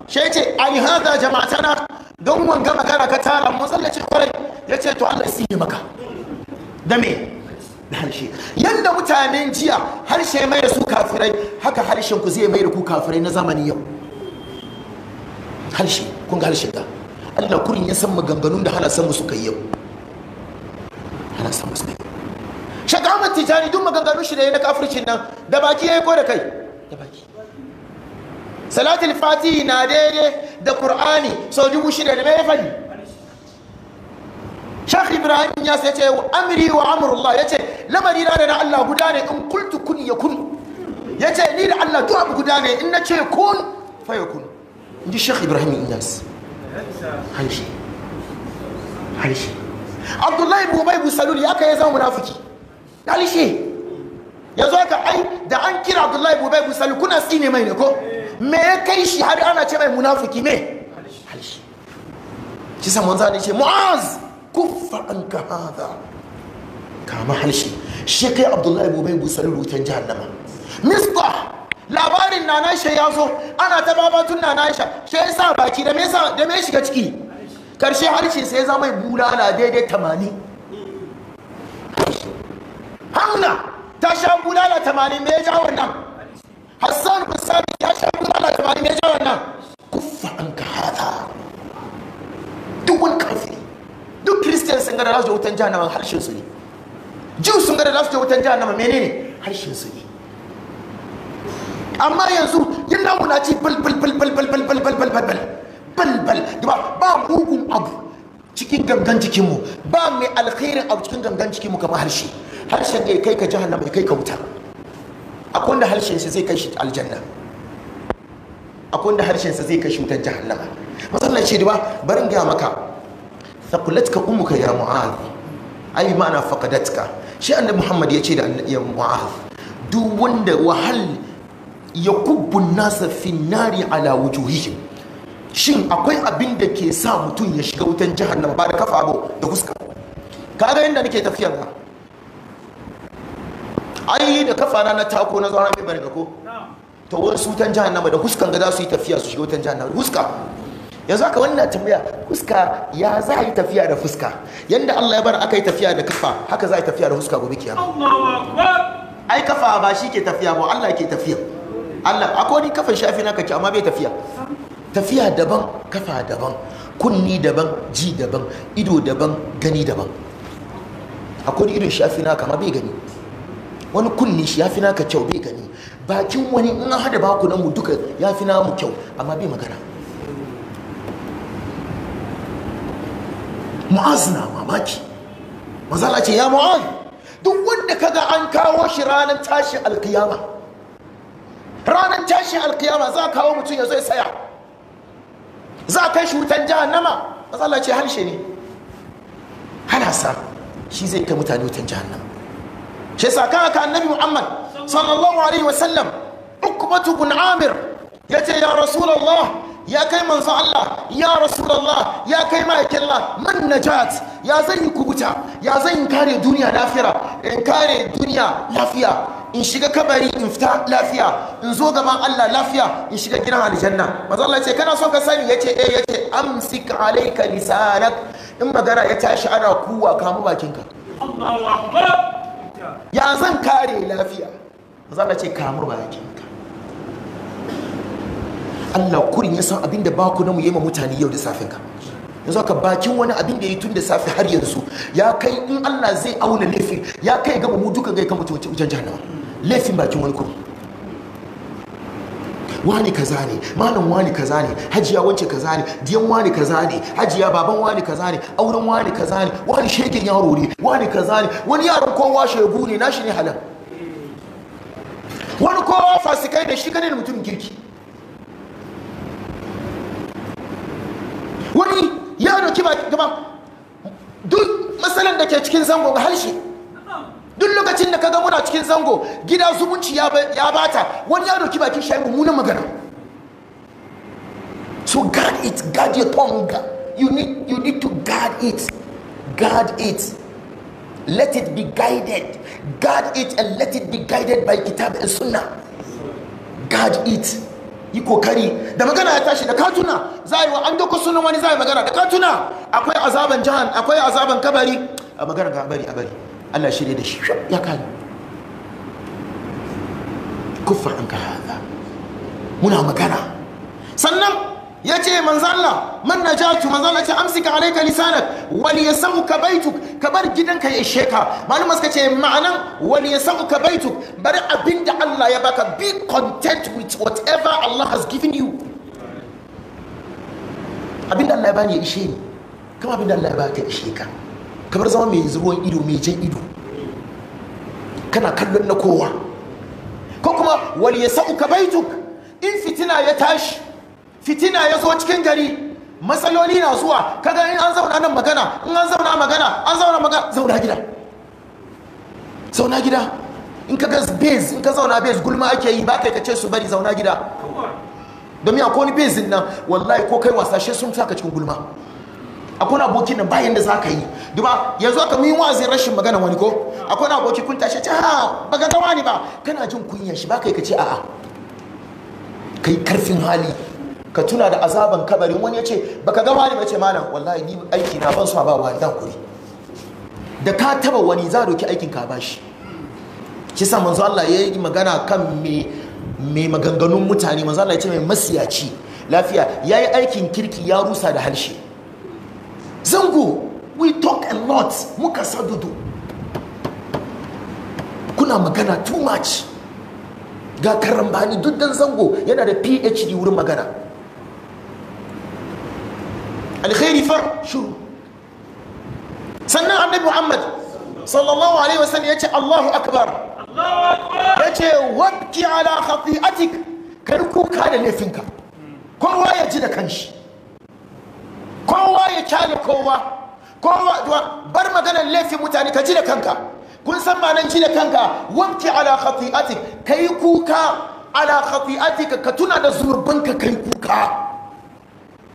shi ya ce ali hadha jama'atana don wanga magana ka tara mu tsallace kwarai ya ce to allah ya maka da me da harshe yadda mutanen jiya harshe mai da su kafirai haka harshen ku zai mai da ku kafirai na zamani yau harshe kun ga harshe ga? Allah kurin ya san maganganun da hana san musu kai yau hana san musu kai shakamat tijani duk maganganun shi da ya na kafircin nan da baki yi ko da kai da baki salatul fatihi na daidai da qur'ani sau dubu shida da mai fadi Shekh Ibrahim ya sai ce amri wa amrullah yace lamari na da Allah guda ne in kultu kun yakun yace ni da Allah duk abu guda ne in nace kun fa yakun inji Shekh Ibrahim Inyas haishi haishi Abdullahi ibn Ubay ibn Salul ya kai zama munafiki dalishi zo ka ai da an kira Abdullahi ibn Ubay ibn Salul kuna tsine mai ne ko me ya kai shi har ana ce mai munafiki me halishi kisa manzo ne ce Mu'az kuffa an ka hada kama halshi shi kai abdullahi bubai busar rutan jahannama mista labarin na naisha ya zo ana ta babatun na naisha shi ya sa baki da mai shiga ciki karshe harshe sai ya zama bulala daidai tamanin hamna ta sha bulala tamanin me ya ja wannan hassan musabi ya sha bulala tamanin me ya ja wannan kuffa an ka hada duk wani kafin sun gada za su je wutan jahannama harshen su ne jiw sun gada za su je wutan jahannama menene harshen su ne amma yanzu yin namu na ci bal bal bal bal bal bal bal bal bal bal bal bal bal ba ba mugun abu cikin gangan cikin mu ba mai alkhairin abu cikin gangan cikin mu kamar harshe harshen da ya kai ka jahannama ya kai ka wuta akwai da harshen sa zai kai shi aljanna akwai wanda harshen sa zai kai shi wutar jahannama masallaci da ba barin gaya maka thaqulatka ummuka ya mu'adh ay bi ma'ana faqadatka shi annabi muhammad ya ce da ya mu'adh du wanda wahal ya kubbun nasa nari ala wujuhihim shin akwai abin da ke sa mutum ya shiga wutan jahannama ba da kafa abu da fuska kaga yadda nake tafiyar ka ai da kafa na na tako na zuwa mai ga ko to wasu wutan jahannama da fuskan ga za su yi tafiya su shiga wutan jahannama fuska yanzu aka wannan tambaya fuska ya za a yi tafiya da fuska yadda Allah ya bar aka yi tafiya da kafa haka za a yi tafiya da fuska gobe kiyama ai kafa ba shi ke tafiya ba Allah ke tafiya Allah akwai wani kafan shafi naka ce amma bai tafiya tafiya daban kafa daban kunni daban ji daban ido daban gani daban akwai wani idon shafi naka amma bai gani wani kunni shi naka kyau bai gani bakin wani in hada baku na duka ya fi namu kyau amma bai magana mu'az na mamaki mazala ce ya mu'az duk wanda kaga an kawo shi ranar tashi alkiyama ranar tashi alkiyama za a kawo mutum ya zo ya saya za a kai shi wutan jahannama mazala ce harshe ne hana sa shi zai kai mutane wutan jahannama shi yasa kan haka annabi muhammad sallallahu alaihi wasallam ukbatu bin amir ce ya rasulullah ya kai manzon Allah ya rasulullah ya kai ma'aikin man najat ya zan yi kubuta ya zan kare duniya lafiya in kare duniya lafiya in shiga kabari in fita lafiya in zo gaban Allah lafiya in shiga gidan aljanna manzon Allah ce kana son ka sani yace eh yace amsik alayka lisanak in magana ya tashi ana kuwa kamu bakinka Allahu akbar ya zan kare lafiya manzon Allah ce kamu bakinka Allah kurin ya san abin da ba ku na mu yema mutane yau da safin ka yanzu aka bakin wani abin da ya yi tun da safe har yanzu ya kai in Allah zai auna laifin ya kai gaba mu duka gai kan mutum wajen jahannama laifin bakin wani kurin wani kaza ne malam wani kaza ne hajiya wance kaza ne diyan wani kaza ne hajiya baban wani kaza ne auren wani kaza ne wani shegen yaro ne wani kaza ne wani yaron kowa shegu ne nashi ne halal wani kowa fasikai da shi kane da mutum kirki wani ya dauki baki gaban duk matsalan da ke cikin zango ga harshe duk lokacin da kaga muna cikin zango gida zumunci ya bata wani ya dauki baki shayi mummunan magana so guard it guard your tongue you need, you need to guard it guard it let it be guided guard it and let it be guided by kitab and sunnah guard it yi kokari da magana ya tashi da katuna za a yi wa an doko sunan wani za a yi magana da katuna akwai azaban jahan akwai azaban kabari a magana ga bari a bari Allah shirya da shi ya kani kufar an ka haza muna magana sannan ya ce manzalla man na ja tu manzalla ce ka alaika lisanak wani ya samu ka baituk ka bar gidanka ya ishe ka malumar suka ce ma'anan wani ya samu ka baituk bari abin da Allah ya baka be content with whatever Allah has given you abin da Allah ya bani ya ishe ni kama abin da Allah ya baka ya ishe ka kamar zama mai zuwan ido mai jan ido kana kallon na kowa ko kuma wani ya samu ka baituk in fitina ya tashi fitina ya zo cikin gari matsaloli na zuwa ka in an zauna nan magana in an zauna magana an zauna magana zauna gida zauna gida in ka gas base in ka zauna base gulma ake yi ba kai ka ce su bari zauna gida domin akwai wani base nan wallahi ko kai wasashe sun ka cikin gulma akwai na abokin nan bayan da za ka yi duba yanzu aka mun yi wazin rashin magana wani ko akwai na aboki kun tashi ha ba ga gama ne ba kana jin kunyar shi ba kai ka ce a'a kai karfin hali ka tuna da azaban kabarin wani ya ce ba ka ga ne ba ce malam wallahi ni aiki na ban su ba wani dan kuri da ka taba wani za doki aikin ka ba shi sa manzo Allah ya yi magana kan me me maganganun mutane manzo Allah ya ce mai masiyaci lafiya yayi aikin kirki ya rusa da harshe zango we talk a lot muka sadudu kuna magana too much ga karambani duk dan zango yana da phd wurin magana alkhairi far shuru sannan annabi muhammad sallallahu alaihi wasallam ya ce allahu akbar yace ce wabki ala khati'atik ka kuka da laifinka kowa ya ji da kanshi kowa ya kyale kowa kowa bar maganar laifin mutane ka ji da kanka kun san ma nan ji da kanka wabki ala khati'atik kai kuka ala khati'atik ka tuna da zurbinka kai kuka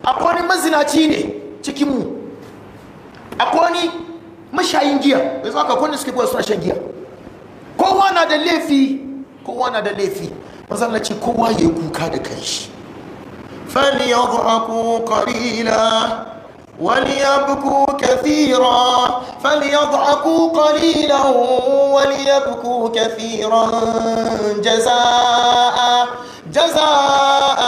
akwai wani mazinaci ne cikin mu akwai wani mashayin giya yanzu aka kwani suke buwa suna shan giya kowa na da laifi kowa na da laifi masallaci kowa ya yi kuka da kanshi Fani ya zuwa yadhaku na. وليبكوا كثيرا فليضحكوا قليلا وليبكوا كثيرا جزاء جزاء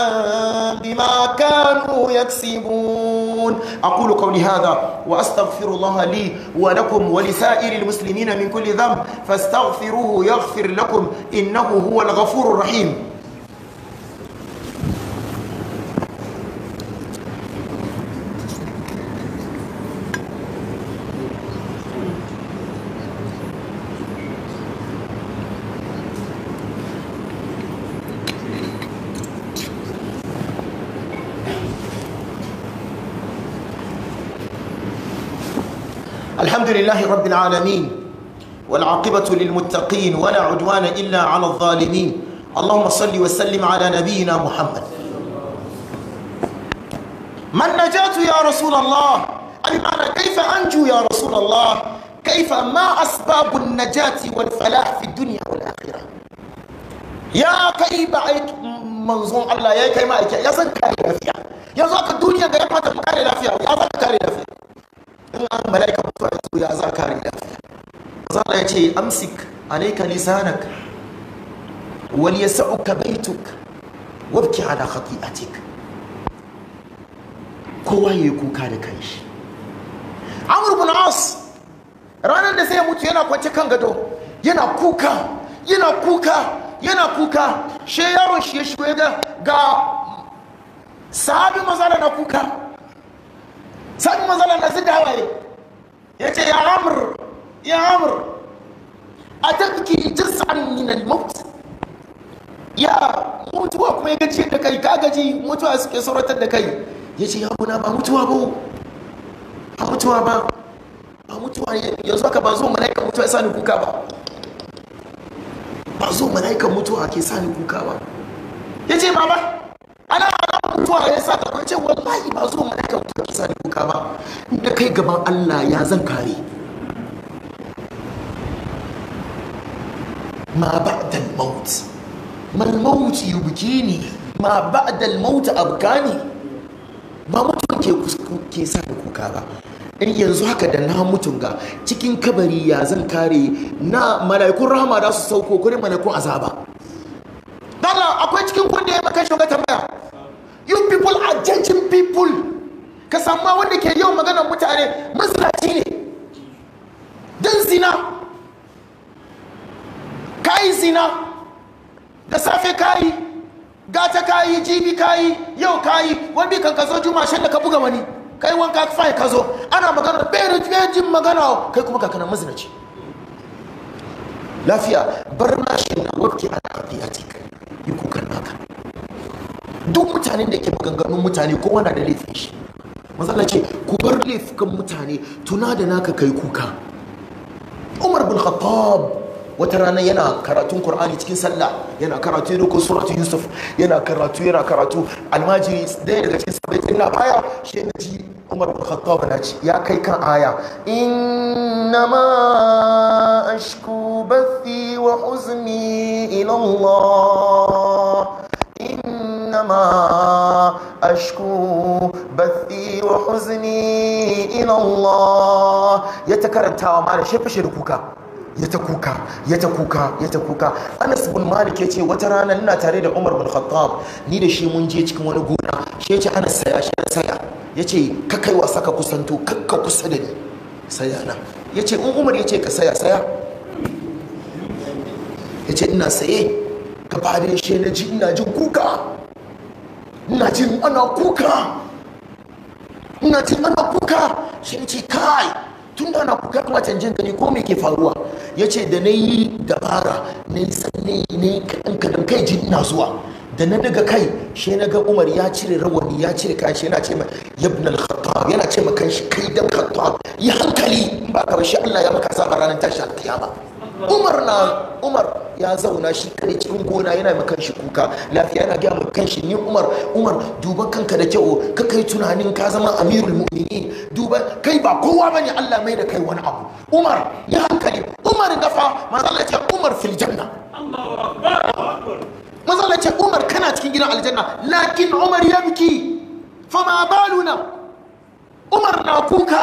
بما كانوا يكسبون أقول قولي هذا وأستغفر الله لي ولكم ولسائر المسلمين من كل ذنب فاستغفروه يغفر لكم إنه هو الغفور الرحيم الحمد لله رب العالمين والعاقبة للمتقين ولا عدوان إلا على الظالمين اللهم صل وسلم على نبينا محمد ما النجاة يا رسول الله المعنى كيف أنجو يا رسول الله كيف ما أسباب النجاة والفلاح في الدنيا والآخرة يا كي بعيد منظوم الله يا كي ما يا زن كاري لافيا يا زن الدنيا يا ما تكاري لافيا يا زن كاري لافيا in an malaika mutuwa ya zo ya za ka rai lafiya a ya ce amsik alaika lisanak wal yas'uka baituk wabki ala khati'atik kowa ya yi kuka da kan shi amur bin as ranar da sai mutu yana kwance kan gado yana kuka yana kuka yana kuka shi yaron shi ya shigo ya ga sahabi mazala na kuka San mazala na zidda hawaye ya ce ya amur ya amur a tafki jis'an min al-maut ya mutuwa kuma ya gaji da kai ka gaji mutuwa suke sauratar da kai ya ce ya buna ba mutuwa ba ba mutuwa ba ba mutuwa yanzu aka ba zo mala'ikan mutuwa ya sani kuka ba ba zo mala'ikan mutuwa ke sani kuka ba ya ce ba ba ana zuwa ya sa ta ce wallahi ba zuwa mana kan kuka da kuka ba da kai gaban Allah ya zan kare ma ba'da al-maut mal maut yubkini ma ba'da al-maut abkani ba mutum ke sa kuka ba in yanzu haka da na mutum ga cikin kabari ya zan kare na mala'ikun rahama da su sauko kure mala'ikun azaba dala akwai cikin kunda ya maka shi tambaya you people are judging people ka samu wanda ke yau maganar mutane mazinaci ne don zina ka yi zina da safe ka yi gata ka yi jibi ka yi yau ka yi wani kan ka zo juma shan da ka buga wani kai wanka fai ka zo ana magana bai jin magana kai kuma kakana mazinaci lafiya bar mashin na wabki ala abiyati yi kukan naka duk mutanen da ke maganganun mutane kowa na da laifin shi matsala ce ku bar laifukan mutane tuna da naka kai kuka umar bin khattab wata rana yana karatun Kur'ani cikin sallah yana karatu yana kun suratu yusuf yana karatu yana karatu almajiri daya daga cikin sabai tsina baya shi na ji umar bin khattab na ci ya kai kan aya innama ashku bathi wa huzni ila allah إنما أشكو بثي وحزني إلى الله يتكرنتا ما شيف شركوكا ya ta kuka ya ta kuka ya ta kuka anas bin malik ya ce wata rana ina tare da umar bin khattab ni da shi mun je cikin wani gona shi ya ce anas saya shi saya ya ce ka kai wasa ka kusanto kakka kusa da ni saya ya ce in ya ce ka saya saya ya ce ina saye gaba da shi na ji ina jin kuka ina jin ana kuka ina jin ana kuka shi ce kai tun da ana kuka kuma canjin gani ko me ke faruwa ya ce da na yi dabara na yi tsalle na yi kaɗan kaɗan kai ji ina zuwa da na daga kai shi na ga umar ya cire rawani ya cire kashi yana ce ma yabn al yana ce ma shi kai dan khattab yi hankali ba ka shi Allah ya maka sa ranar tashi al umar na umar ya zauna shi kare cikin gona yana ma shi kuka lafiya yana gaya ma shi ni umar umar duba kanka da kyau ka kai tunanin ka zama amirul mu'minin duba kai ba kowa bane Allah mai da kai wani abu umar ya hankali umar dafa manzo ce umar fil janna umar kana cikin gidan aljanna lakin umar ya biki fa ma baluna umar na kuka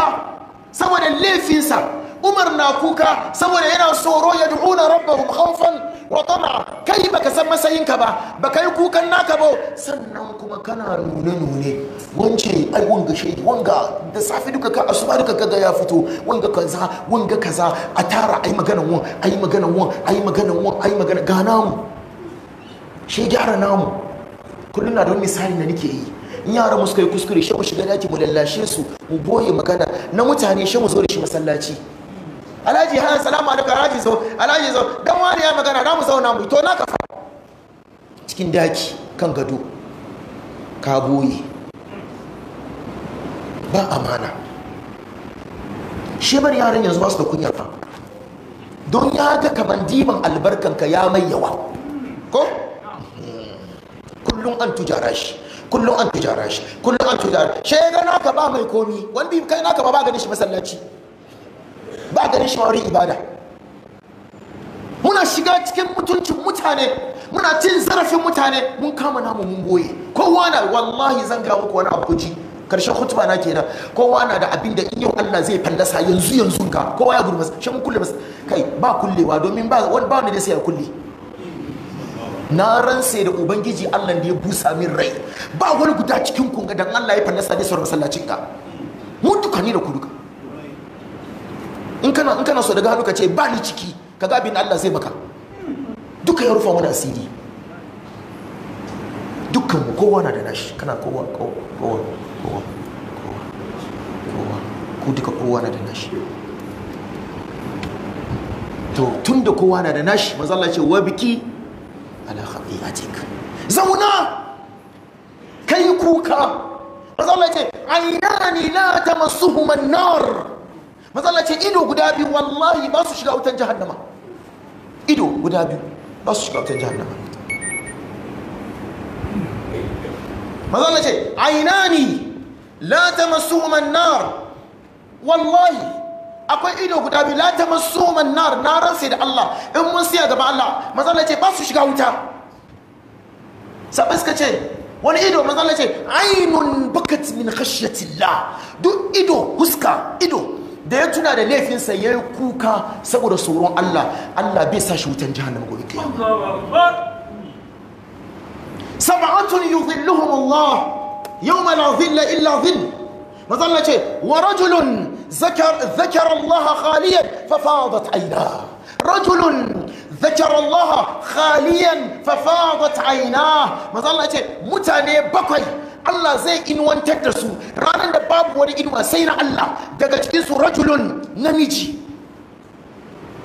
saboda laifinsa umar na kuka saboda yana tsoro ya na rabbahum khawfan wa tama kai baka san masayinka ba baka yi kukan naka ba sannan kuma kana nune nune wance ai wanga shi wanga da safi duka ka asuba duka kaga ya fito wanga kaza wanga kaza a tara ai magana won ai magana won ai magana won ai magana ga namu shi gyara namu kullum na don misali na nake yi yara musu kai kuskure shi mu shiga daki mu lallashe su mu boye magana na mutane shi mu zo da shi masallaci alhaji ha salamu alaikum alhaji so alhaji so dan wani ya magana na mu zauna mu to na ka cikin daki kan gado ka goyi ba amana shebar yaran yanzu ba su da kunya fa don ya ga kaman diban albarkanka ya mai yawa ko kullum an tujara shi kullum an tujara shi kullum an tujara shi ya ga naka ba mai komi wani bi kai naka ba ba ganin shi masallaci ba a ganin shi ibada muna shiga cikin mutuncin mutane muna cin zarafin mutane mun kama namu mun boye kowa na wallahi zan ga muku wani abuji ji karshen hutuba na kenan kowa na da abin da in yau Allah zai fallasa yanzu yanzu ka kowa ya gurbasa shi mun kulle kai ba kullewa domin ba wani ba da sai ya kulle na ran sai da ubangiji Allah da ya busa min rai ba wani guda cikin kunga dan Allah ya fallasa ne su masallacin ka mu duka ni da kuduka in kana in kana so daga hannu ka ce ba ni ciki kaga bin Allah zai maka duka ya rufa wani asiri dukkan mu kowa na da nashi kana kowa kowa kowa kowa kowa ku duka kowa na da nashi to tun da kowa na da nashi maza Allah ce wa biki ala khabiyatik zauna kai kuka maza Allah ce aynani la tamassuhuma an-nar matsala ce ido guda biyu wallahi ba su shiga wutan jahannama ido guda biyu ba su shiga wutan jahannama matsala ce ainani la ta nar wallahi akwai ido guda biyu la ta nar na ransa da Allah in mun siya gaba Allah matsala ce ba su shiga wuta sabai suka ce wani ido matsala ce ainun bakat min khashyatillah duk ido huska ido da ya tuna da laifinsa ya yi kuka saboda tsoron Allah Allah bai sa shi wutan jahannama gobe kiyama sab'atun yudhilluhum Allah yau la dhilla illa dhill mazalla ce wa rajulun zakar zakara Allah khaliyan fa rajulun zakara Allah khaliyan fa aina, mazalla ce mutane bakwai Allah zai inwantar da su ranar da babu wani inuwa sai na Allah daga cikin su rajulun namiji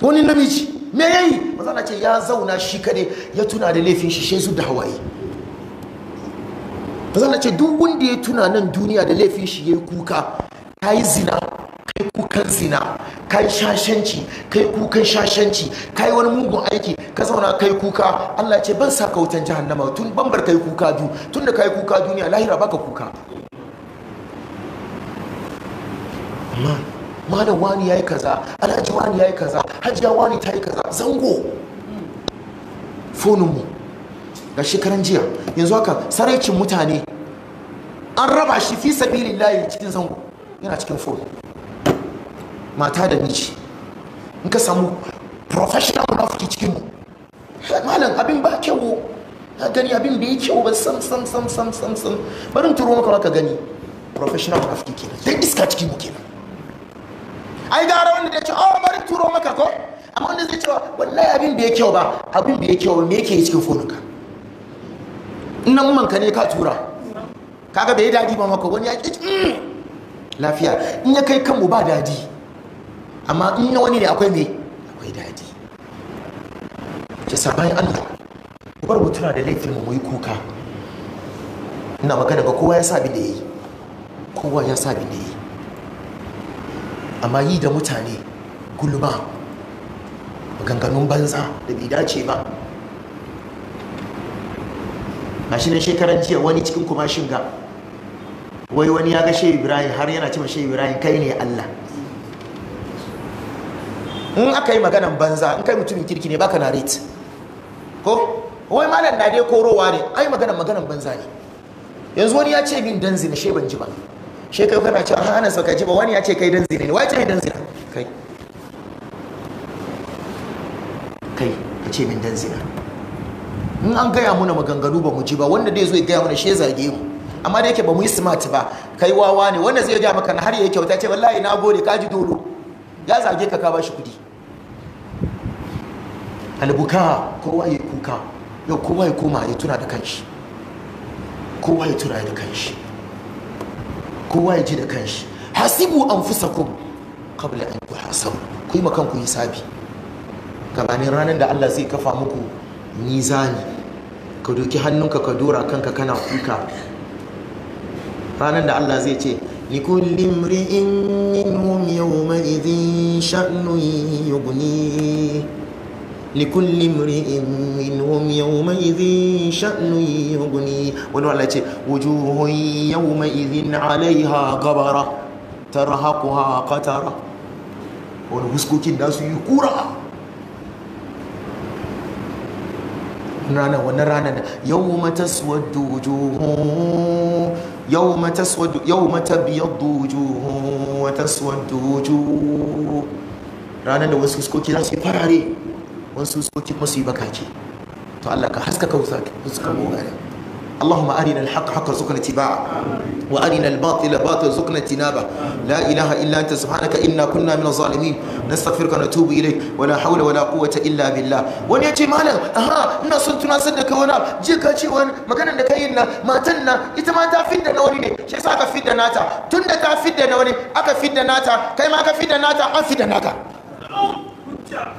wani namiji me yayi maza ce ya zauna shi kade ya tuna da laifin shi su da hawaye maza ce duk wanda ya tuna nan duniya da laifin shi ya yi kuka ta yi zina kai kukan zina kai shashanci kai kukan shashanci kai wani mugun aiki ka zauna kai kuka Allah ce ban sa ka wutan jahannama tun ban bar kai kuka du tun da kai kuka duniya lahira baka kuka malam wani yayi kaza alhaji wani yayi kaza hajiya wani tayi kaza zango fonin mu ga shekaran jiya yanzu haka saraicin mutane an raba shi fi sabilillahi cikin zango yana cikin fonu mata da miji in ka samu professional munafiki cikin malam abin ba kyau na gani abin bai kyau ba sam sam sam sam sam sam barin turo maka ka gani professional munafiki kenan dai iska cikin mu kenan ai gara wanda ya ce oh in turo maka ko amma wanda zai ce wallahi abin bai kyau ba abin bai kyau ba me yake yi cikin fonuka nan man ka ne ka tura kaga bai dadi ba maka wani ya ki hmm, lafiya in ya kai kanmu ba dadi amma in na wani ne akwai me akwai daɗi ta sabayin allah bar mu da laifin mu yi kuka ina magana ba kowa ya sa da yi kowa ya sa da yi amma yi da mutane gulma maganganun banza da bai dace ba mashinan shekaran jiya wani cikin kuma shiga wai wani ya ga shehu ibrahim har yana ce shehu ibrahim kai ne allah in aka yi maganan banza in kai mutumin kirki ne baka rit. ko wai malam na dai korowa ne ai maganan maganan banza ne yanzu wani ya ce min danzi zina sheban ban ji ba she kai kana cewa ha sauka jiba ba wani ya ce kai danzi zina ne wai ce mai zina kai kai ka ce min danzi zina in an gaya muna maganganu ba mu ji ba wanda dai zo ya gaya mana she zage mu amma da yake ba mu yi smart ba kai wawa ne wanda zai gaya maka har ya kyauta ce wallahi na gode ka ji dolo ya zage ka ka ba shi kudi albuka kowa ya kuka yau kowa ya koma ya tura da kanshi kowa ya tura da kanshi kowa ya ji da kanshi hasibu an ku Kabla an tuhasabu ku yi makan ku sabi gabanin ranar da Allah zai kafa muku nizani ka doki hannunka ka dora kanka kana kuka ranar da Allah zai ce لكل امرئ منهم يومئذ شأن يغنيه لكل امرئ منهم يومئذ شأن يغنيه ونوع وجوه يومئذ عليها غبرة ترهقها قترة ونهسكوك الناس يكورا رانا ونرانا يوم تسود وجوه Yau تسود يوم تبيض وجوه وتسود وجوه ranar da wasu sukoki za su yi farare wasu sukoki kuma su yi bakaki to Allah ka haskaka fuskar mu gare اللهم أرنا الحق حقا زقنا اتباعه وأرنا الباطل باطلا زقنا اجتنابه لا إله إلا أنت سبحانك إنا كنا من الظالمين نستغفرك ونتوب إليك ولا حول ولا قوة إلا بالله wani ya ce malam aha ina son tunasar da kai wani ji ka ce wani maganar da kai na matan nan ita ma ta fidda na wani ne shi yasa fidda nata tun da ta fidda na wani aka fidda nata kai ma aka fidda nata an fidda naka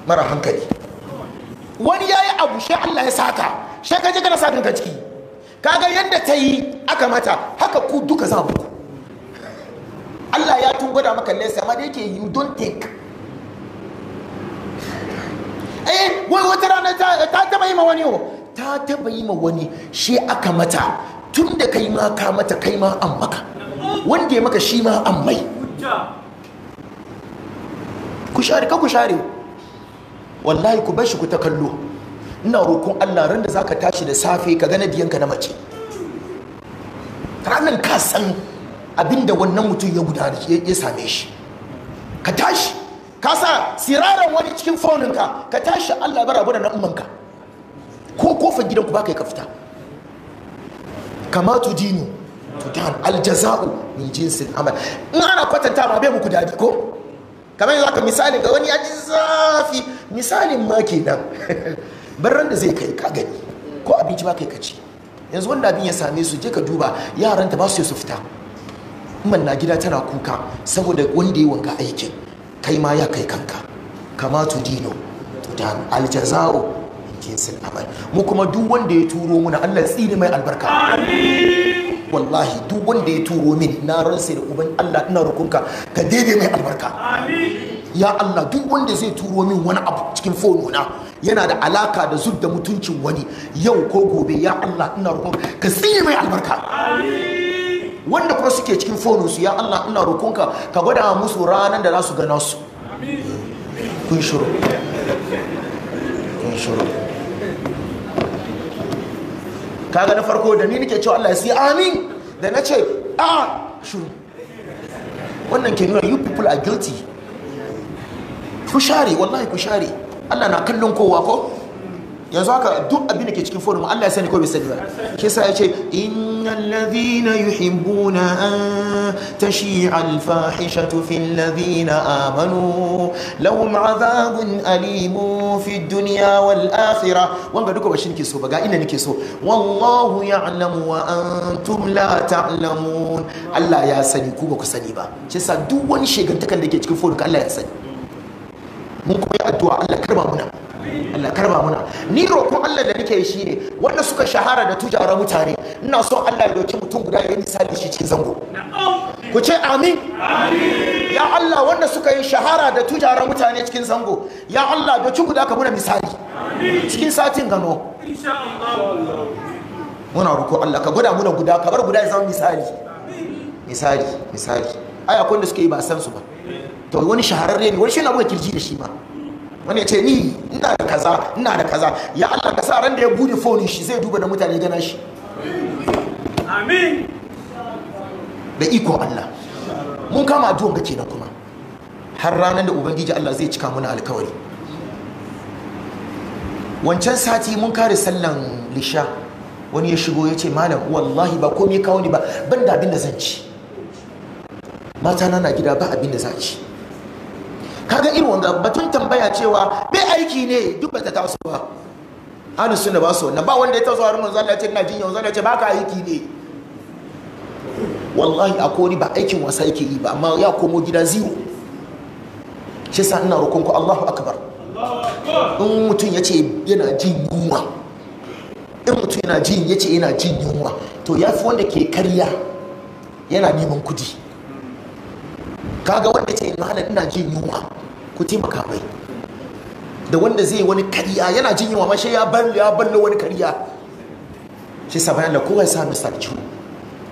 mara hankali wani abu shi Allah ya saka shi ka je kana ka ciki kaga yadda ta yi aka mata haka ku duka za mu Allah ya tun gwada maka nesa amma da yake you don't take eh wai wata rana ta taba yi ma wani ta taba yi ma wani shi aka mata tun da kai ma ka mata kai ma an maka wanda ya maka shi ma an mai ku share ka ku share wallahi ku bar shi ku ta kallo ina roƙon Allah ran da zaka tashi da safe ka ga nadiyanka na mace ranan ka san abinda wannan mutum ya gudana ya same shi ka tashi ka sa siraran wani cikin fauninka ka tashi Allah bara bada na ummanka ko kofar gidanku ba kai ka fita kama to tutan aljaza'u min jinsin amal in ana kwatanta ma bai muku dadi ko kamar yanzu aka misalin ga wani ya ji zafi misalin ma kenan (laughs) ran da zai kai ka gani ko abinci ba kai ka ci yanzu wanda abin ya same su je ka duba yaranta ba su su fita man na gida tana kuka saboda wanda ya wanga aikin kai ma ya kai kanka kama tu dino da aljaza'u jinsin amal mu kuma duk wanda ya turo muna Allah tsiri mai albarka wallahi duk wanda ya turo min na ransa da uban Allah ina rukunka ka daidai mai albarka ya Allah duk wanda zai turo min wani abu cikin fonona yana da alaka da zub da mutuncin wani yau ko gobe ya Allah ina roƙon ka tsine mai albarka wanda kuma suke cikin su ya Allah ina roƙon ka ka gwada musu ranar da za su gana su kun shiru kun shiru kaga na farko da ni nake cewa Allah ya sai amin da na ce a ah, shiru wannan ke nuna you people are guilty ku share wallahi ku share Allah na kallon kowa ko yanzu haka duk abin da ke cikin forum Allah ya sani ko bai sani ba ke sa ya ce innal ladhina yuhibbuna an tashi'a al fahishatu fil ladhina amanu lahum adhabun alim fi dunya wal akhirah wanga duka bashin ke so ba ga ina nake so wallahu ya'lamu wa antum la ta'lamun Allah ya sani ku ba ku sani ba ke sa duk wani shegantakan da ke cikin forum Allah ya sani mun kuma yi addu'a Allah karba muna Allah karba muna ni roƙon Allah da nake yi ne wanda suka shahara da tujara mutane ina son Allah ya doki mutum guda ya yi misali shi cikin zango ku ce amin ya Allah wanda suka yi shahara da tujara mutane cikin zango ya Allah doki guda ka muna misali cikin satin gano muna roƙo Allah ka gwada muna guda ka bar guda ya zama misali misali misali aya kun da suke yi ba san su ba to wani shahararre ne wani shi na buga kirji da shi ma wani ya ce ni ina da kaza ina da kaza ya Allah ka sa ran da ya bude fonin shi zai duba da mutane gana shi amin da iko Allah mun kama addu'an kake na kuma har ranar da ubangiji Allah zai cika mana alkawari wancan sati mun kare sallan lisha wani ya shigo ya ce malam wallahi ba komai kawo ni ba ban da abin da zan ci mata na na gida ba abin da za ci kaga irin wanga batun tambaya cewa me aiki ne duk bata taso ba ahlus sunna ba su wannan ba wanda ya taso har manzo Allah ya ce ina jin yau ya ce baka aiki ne wallahi akori ba aikin wasa yake yi ba amma ya komo gida zero shi sa ina roƙonku Allahu akbar in mutum ya ce yana jin yunwa in mutum yana jin ya ce yana jin yunwa to ya fi wanda ke karya yana neman kudi kaga wanda ce yanzu halin ina jin yunwa ku taimaka mai da wanda zai wani kariya yana jin yunwa ma ya balle ya balle wani kariya shi sa bayan da kowa ya sa masa ciwo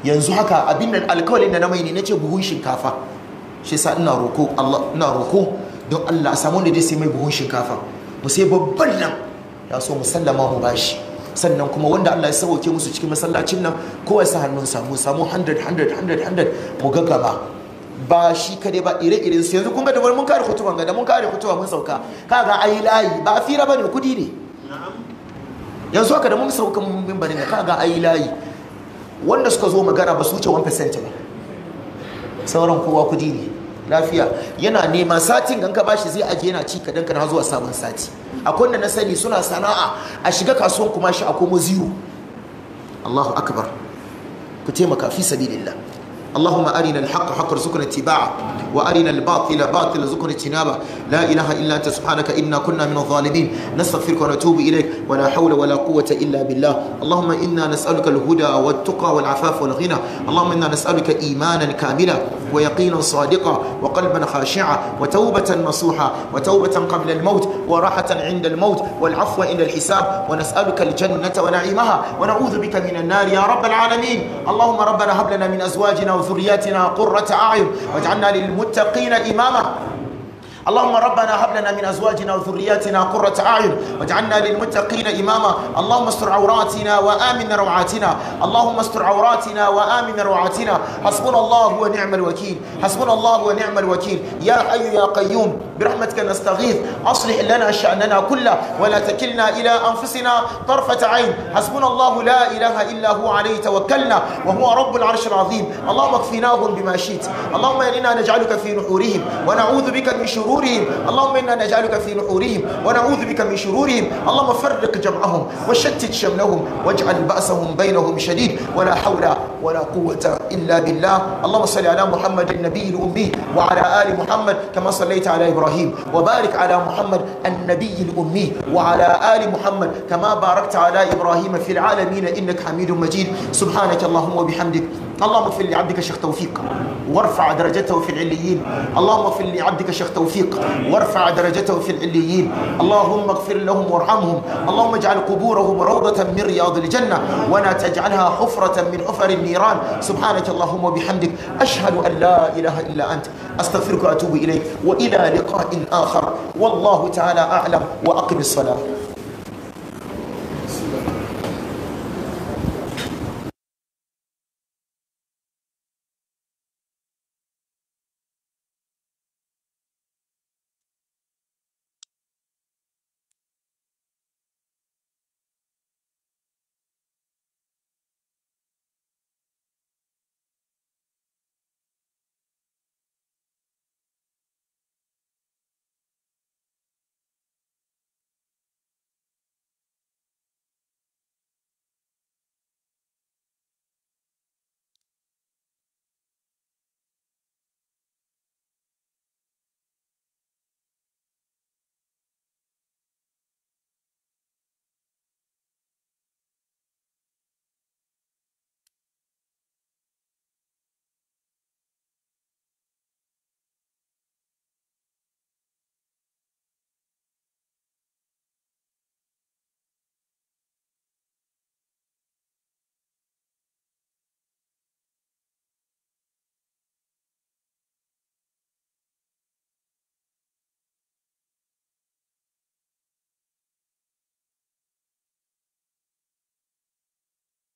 yanzu haka abin nan alkawalin da na mai ne nace buhun shinkafa shi sa ina roko Allah ina roko don Allah a samu wanda zai sai mai buhun shinkafa mu sai babban nan ya so mu sallama mu bashi sannan kuma wanda Allah ya sauke musu cikin masallacin nan kowa ya sa hannun samu samu 100 100 100 100 mu gaggaba ba shi kade ba ire-iren su yanzu kun ga da mun kare kutuban ga da mun kare kutuba mun sauka Ka ga ai layi ba fira bane kudi ne yanzu haka da mun sauka mun bin bane ga ai layi wanda suka zo magana ba su wuce 1% ba sauran kowa kudi ne lafiya yana nema satin gan ka bashi zai aje yana ci kadan kana zuwa sabon sati akwai wanda na sani suna sana'a a shiga kasuwan kuma shi a komo zero Allahu akbar ku taimaka fi sabilillah اللهم أرنا الحق حق ارزقنا اتباعه وأرنا الباطل باطل ارزقنا اجتنابه لا إله إلا أنت سبحانك إنا كنا من الظالمين نستغفرك ونتوب إليك ولا حول ولا قوة إلا بالله اللهم إنا نسألك الهدى والتقى والعفاف والغنى اللهم إنا نسألك إيمانا كاملا ويقينا صادقا وقلبا خاشعا وتوبة نصوحا وتوبة قبل الموت وراحة عند الموت والعفو عند الحساب ونسألك الجنة ونعيمها ونعوذ بك من النار يا رب العالمين اللهم ربنا هب لنا من أزواجنا وذرياتنا قرة أعين واجعلنا للمتقين المتقين إماما اللهم ربنا هب لنا من ازواجنا وذرياتنا قرة اعين واجعلنا للمتقين اماما اللهم استر عوراتنا وامن روعاتنا اللهم استر عوراتنا وامن روعاتنا حسبنا الله ونعم الوكيل حسبنا الله ونعم الوكيل يا حي يا قيوم برحمتك نستغيث اصلح لنا شاننا كله ولا تكلنا الى انفسنا طرفة عين حسبنا الله لا اله الا هو عليه توكلنا وهو رب العرش العظيم اللهم اكفناهم بما شئت اللهم اننا نجعلك في نحورهم ونعوذ بك من شرور شرورهم اللهم إنا نجعلك في نحورهم ونعوذ بك من شرورهم اللهم فرق جمعهم وشتت شملهم واجعل بأسهم بينهم شديد ولا حول ولا قوة إلا بالله اللهم صل على محمد النبي الأمي وعلى آل محمد كما صليت على إبراهيم وبارك على محمد النبي الأمي وعلى آل محمد كما باركت على إبراهيم في العالمين إنك حميد مجيد سبحانك اللهم وبحمدك اللهم اغفر لعبدك الشيخ توفيق وارفع درجته في العليين اللهم اغفر لعبدك الشيخ توفيق وارفع درجته في العليين اللهم اغفر لهم وارحمهم اللهم اجعل قبورهم روضة من رياض الجنة ولا تجعلها حفرة من حفر النيران سبحانك اللهم وبحمدك أشهد أن لا إله إلا أنت أستغفرك وأتوب إليك وإلى لقاء آخر والله تعالى أعلم وأقم الصلاة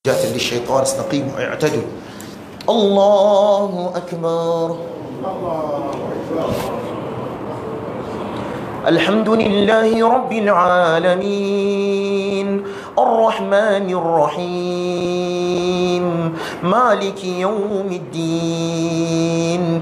جاءت للشيطان استقيموا اعتدوا الله أكبر الحمد لله رب العالمين الرحمن الرحيم مالك يوم الدين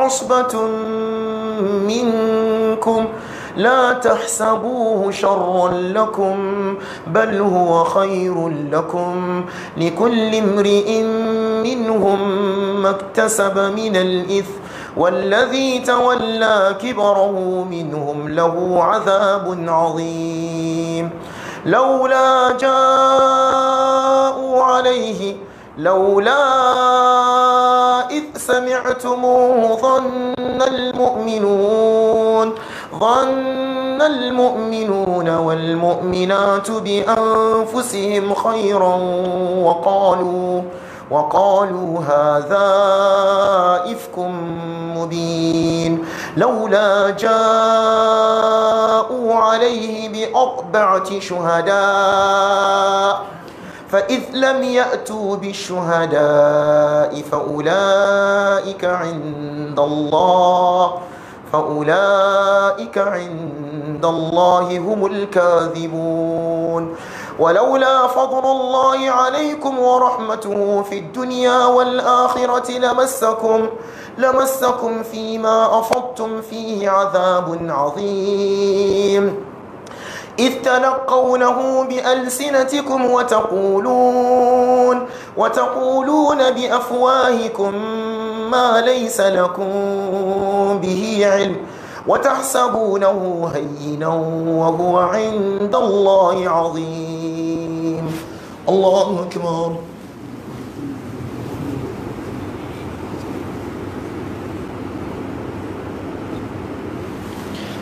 عصبة منكم لا تحسبوه شرا لكم بل هو خير لكم لكل امرئ منهم ما اكتسب من الإثم والذي تولى كبره منهم له عذاب عظيم لولا جاءوا عليه لولا إذ سمعتموه ظن المؤمنون ظن المؤمنون والمؤمنات بأنفسهم خيرا وقالوا وقالوا هذا إفك مبين لولا جاءوا عليه بأربعة شهداء فإذ لم يأتوا بالشهداء فأولئك عند الله فأولئك عند الله هم الكاذبون ولولا فضل الله عليكم ورحمته في الدنيا والآخرة لمسكم لمسكم فيما أفضتم فيه عذاب عظيم إذ تلقونه بألسنتكم وتقولون وتقولون بأفواهكم ما ليس لكم به علم وتحسبونه هينا وهو عند الله عظيم الله أكبر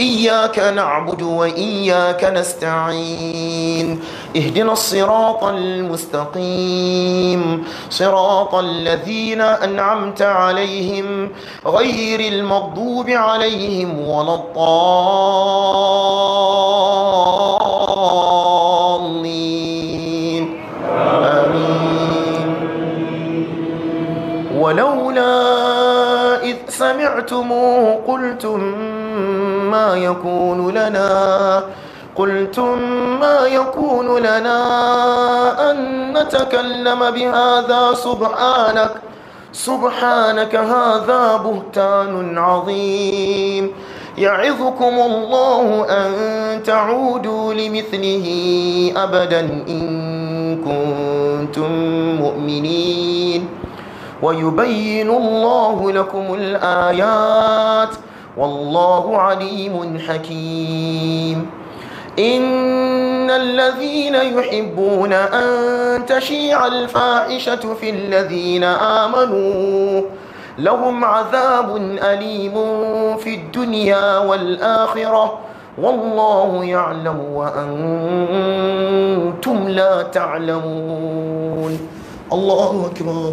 إياك نعبد وإياك نستعين اهدنا الصراط المستقيم صراط الذين أنعمت عليهم غير المغضوب عليهم ولا الضالين آمين ولولا إذ سمعتموه قلتم ما يكون لنا قلتم ما يكون لنا أن نتكلم بهذا سبحانك سبحانك هذا بهتان عظيم يعظكم الله أن تعودوا لمثله أبدا إن كنتم مؤمنين ويبين الله لكم الآيات ۖ والله عليم حكيم إن الذين يحبون أن تشيع الفاحشة في الذين آمنوا لهم عذاب أليم في الدنيا والآخرة والله يعلم وأنتم لا تعلمون الله أكبر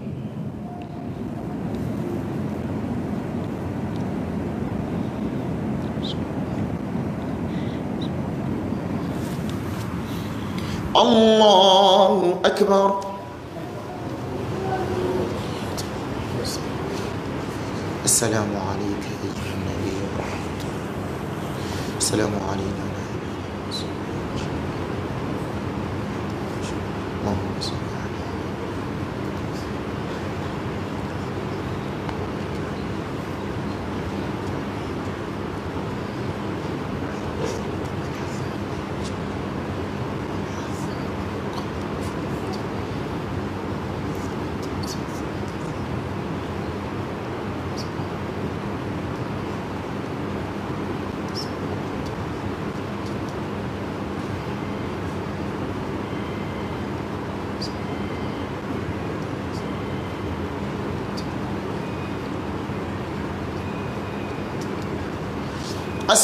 الله أكبر السلام عليك أيها النبي ورحمة الله السلام عليك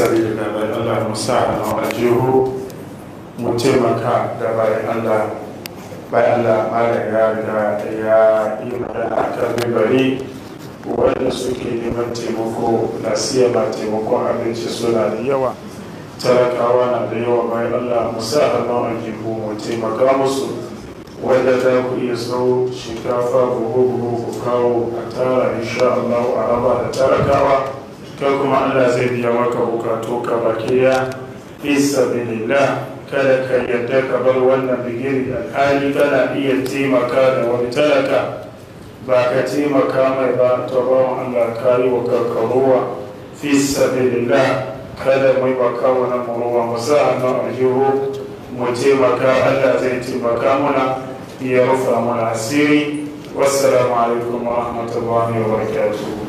Sani da bai allah mu sa a mu taimaka da bayan allah bayan allah malaga da ya yi magana a kan bari, wanda suke neman taimako na siya ma taimakon abinci suna da yawa talakawa na da yawa bayan allah mu sa a aljihu mu taimaka musu wanda za ku iya sau shinkafa buhu buhu ku kawo a tara insha Allah a raba da tarakawa to kuma Allah zai biya maka bukatu ka baki ya fi sabilillah kada ka yadda ka bar wannan bigiri alhali tana iya taimaka da wani talaka ba ka taimaka mai ba ta bawan Allah kari wa karkaruwa fi sabilillah kada mai baka wani muruwa masu hannun aljihu mu taimaka Allah zai taimaka muna ya rufa mana asiri wassalamu alaikum wa rahmatullahi wa barakatuh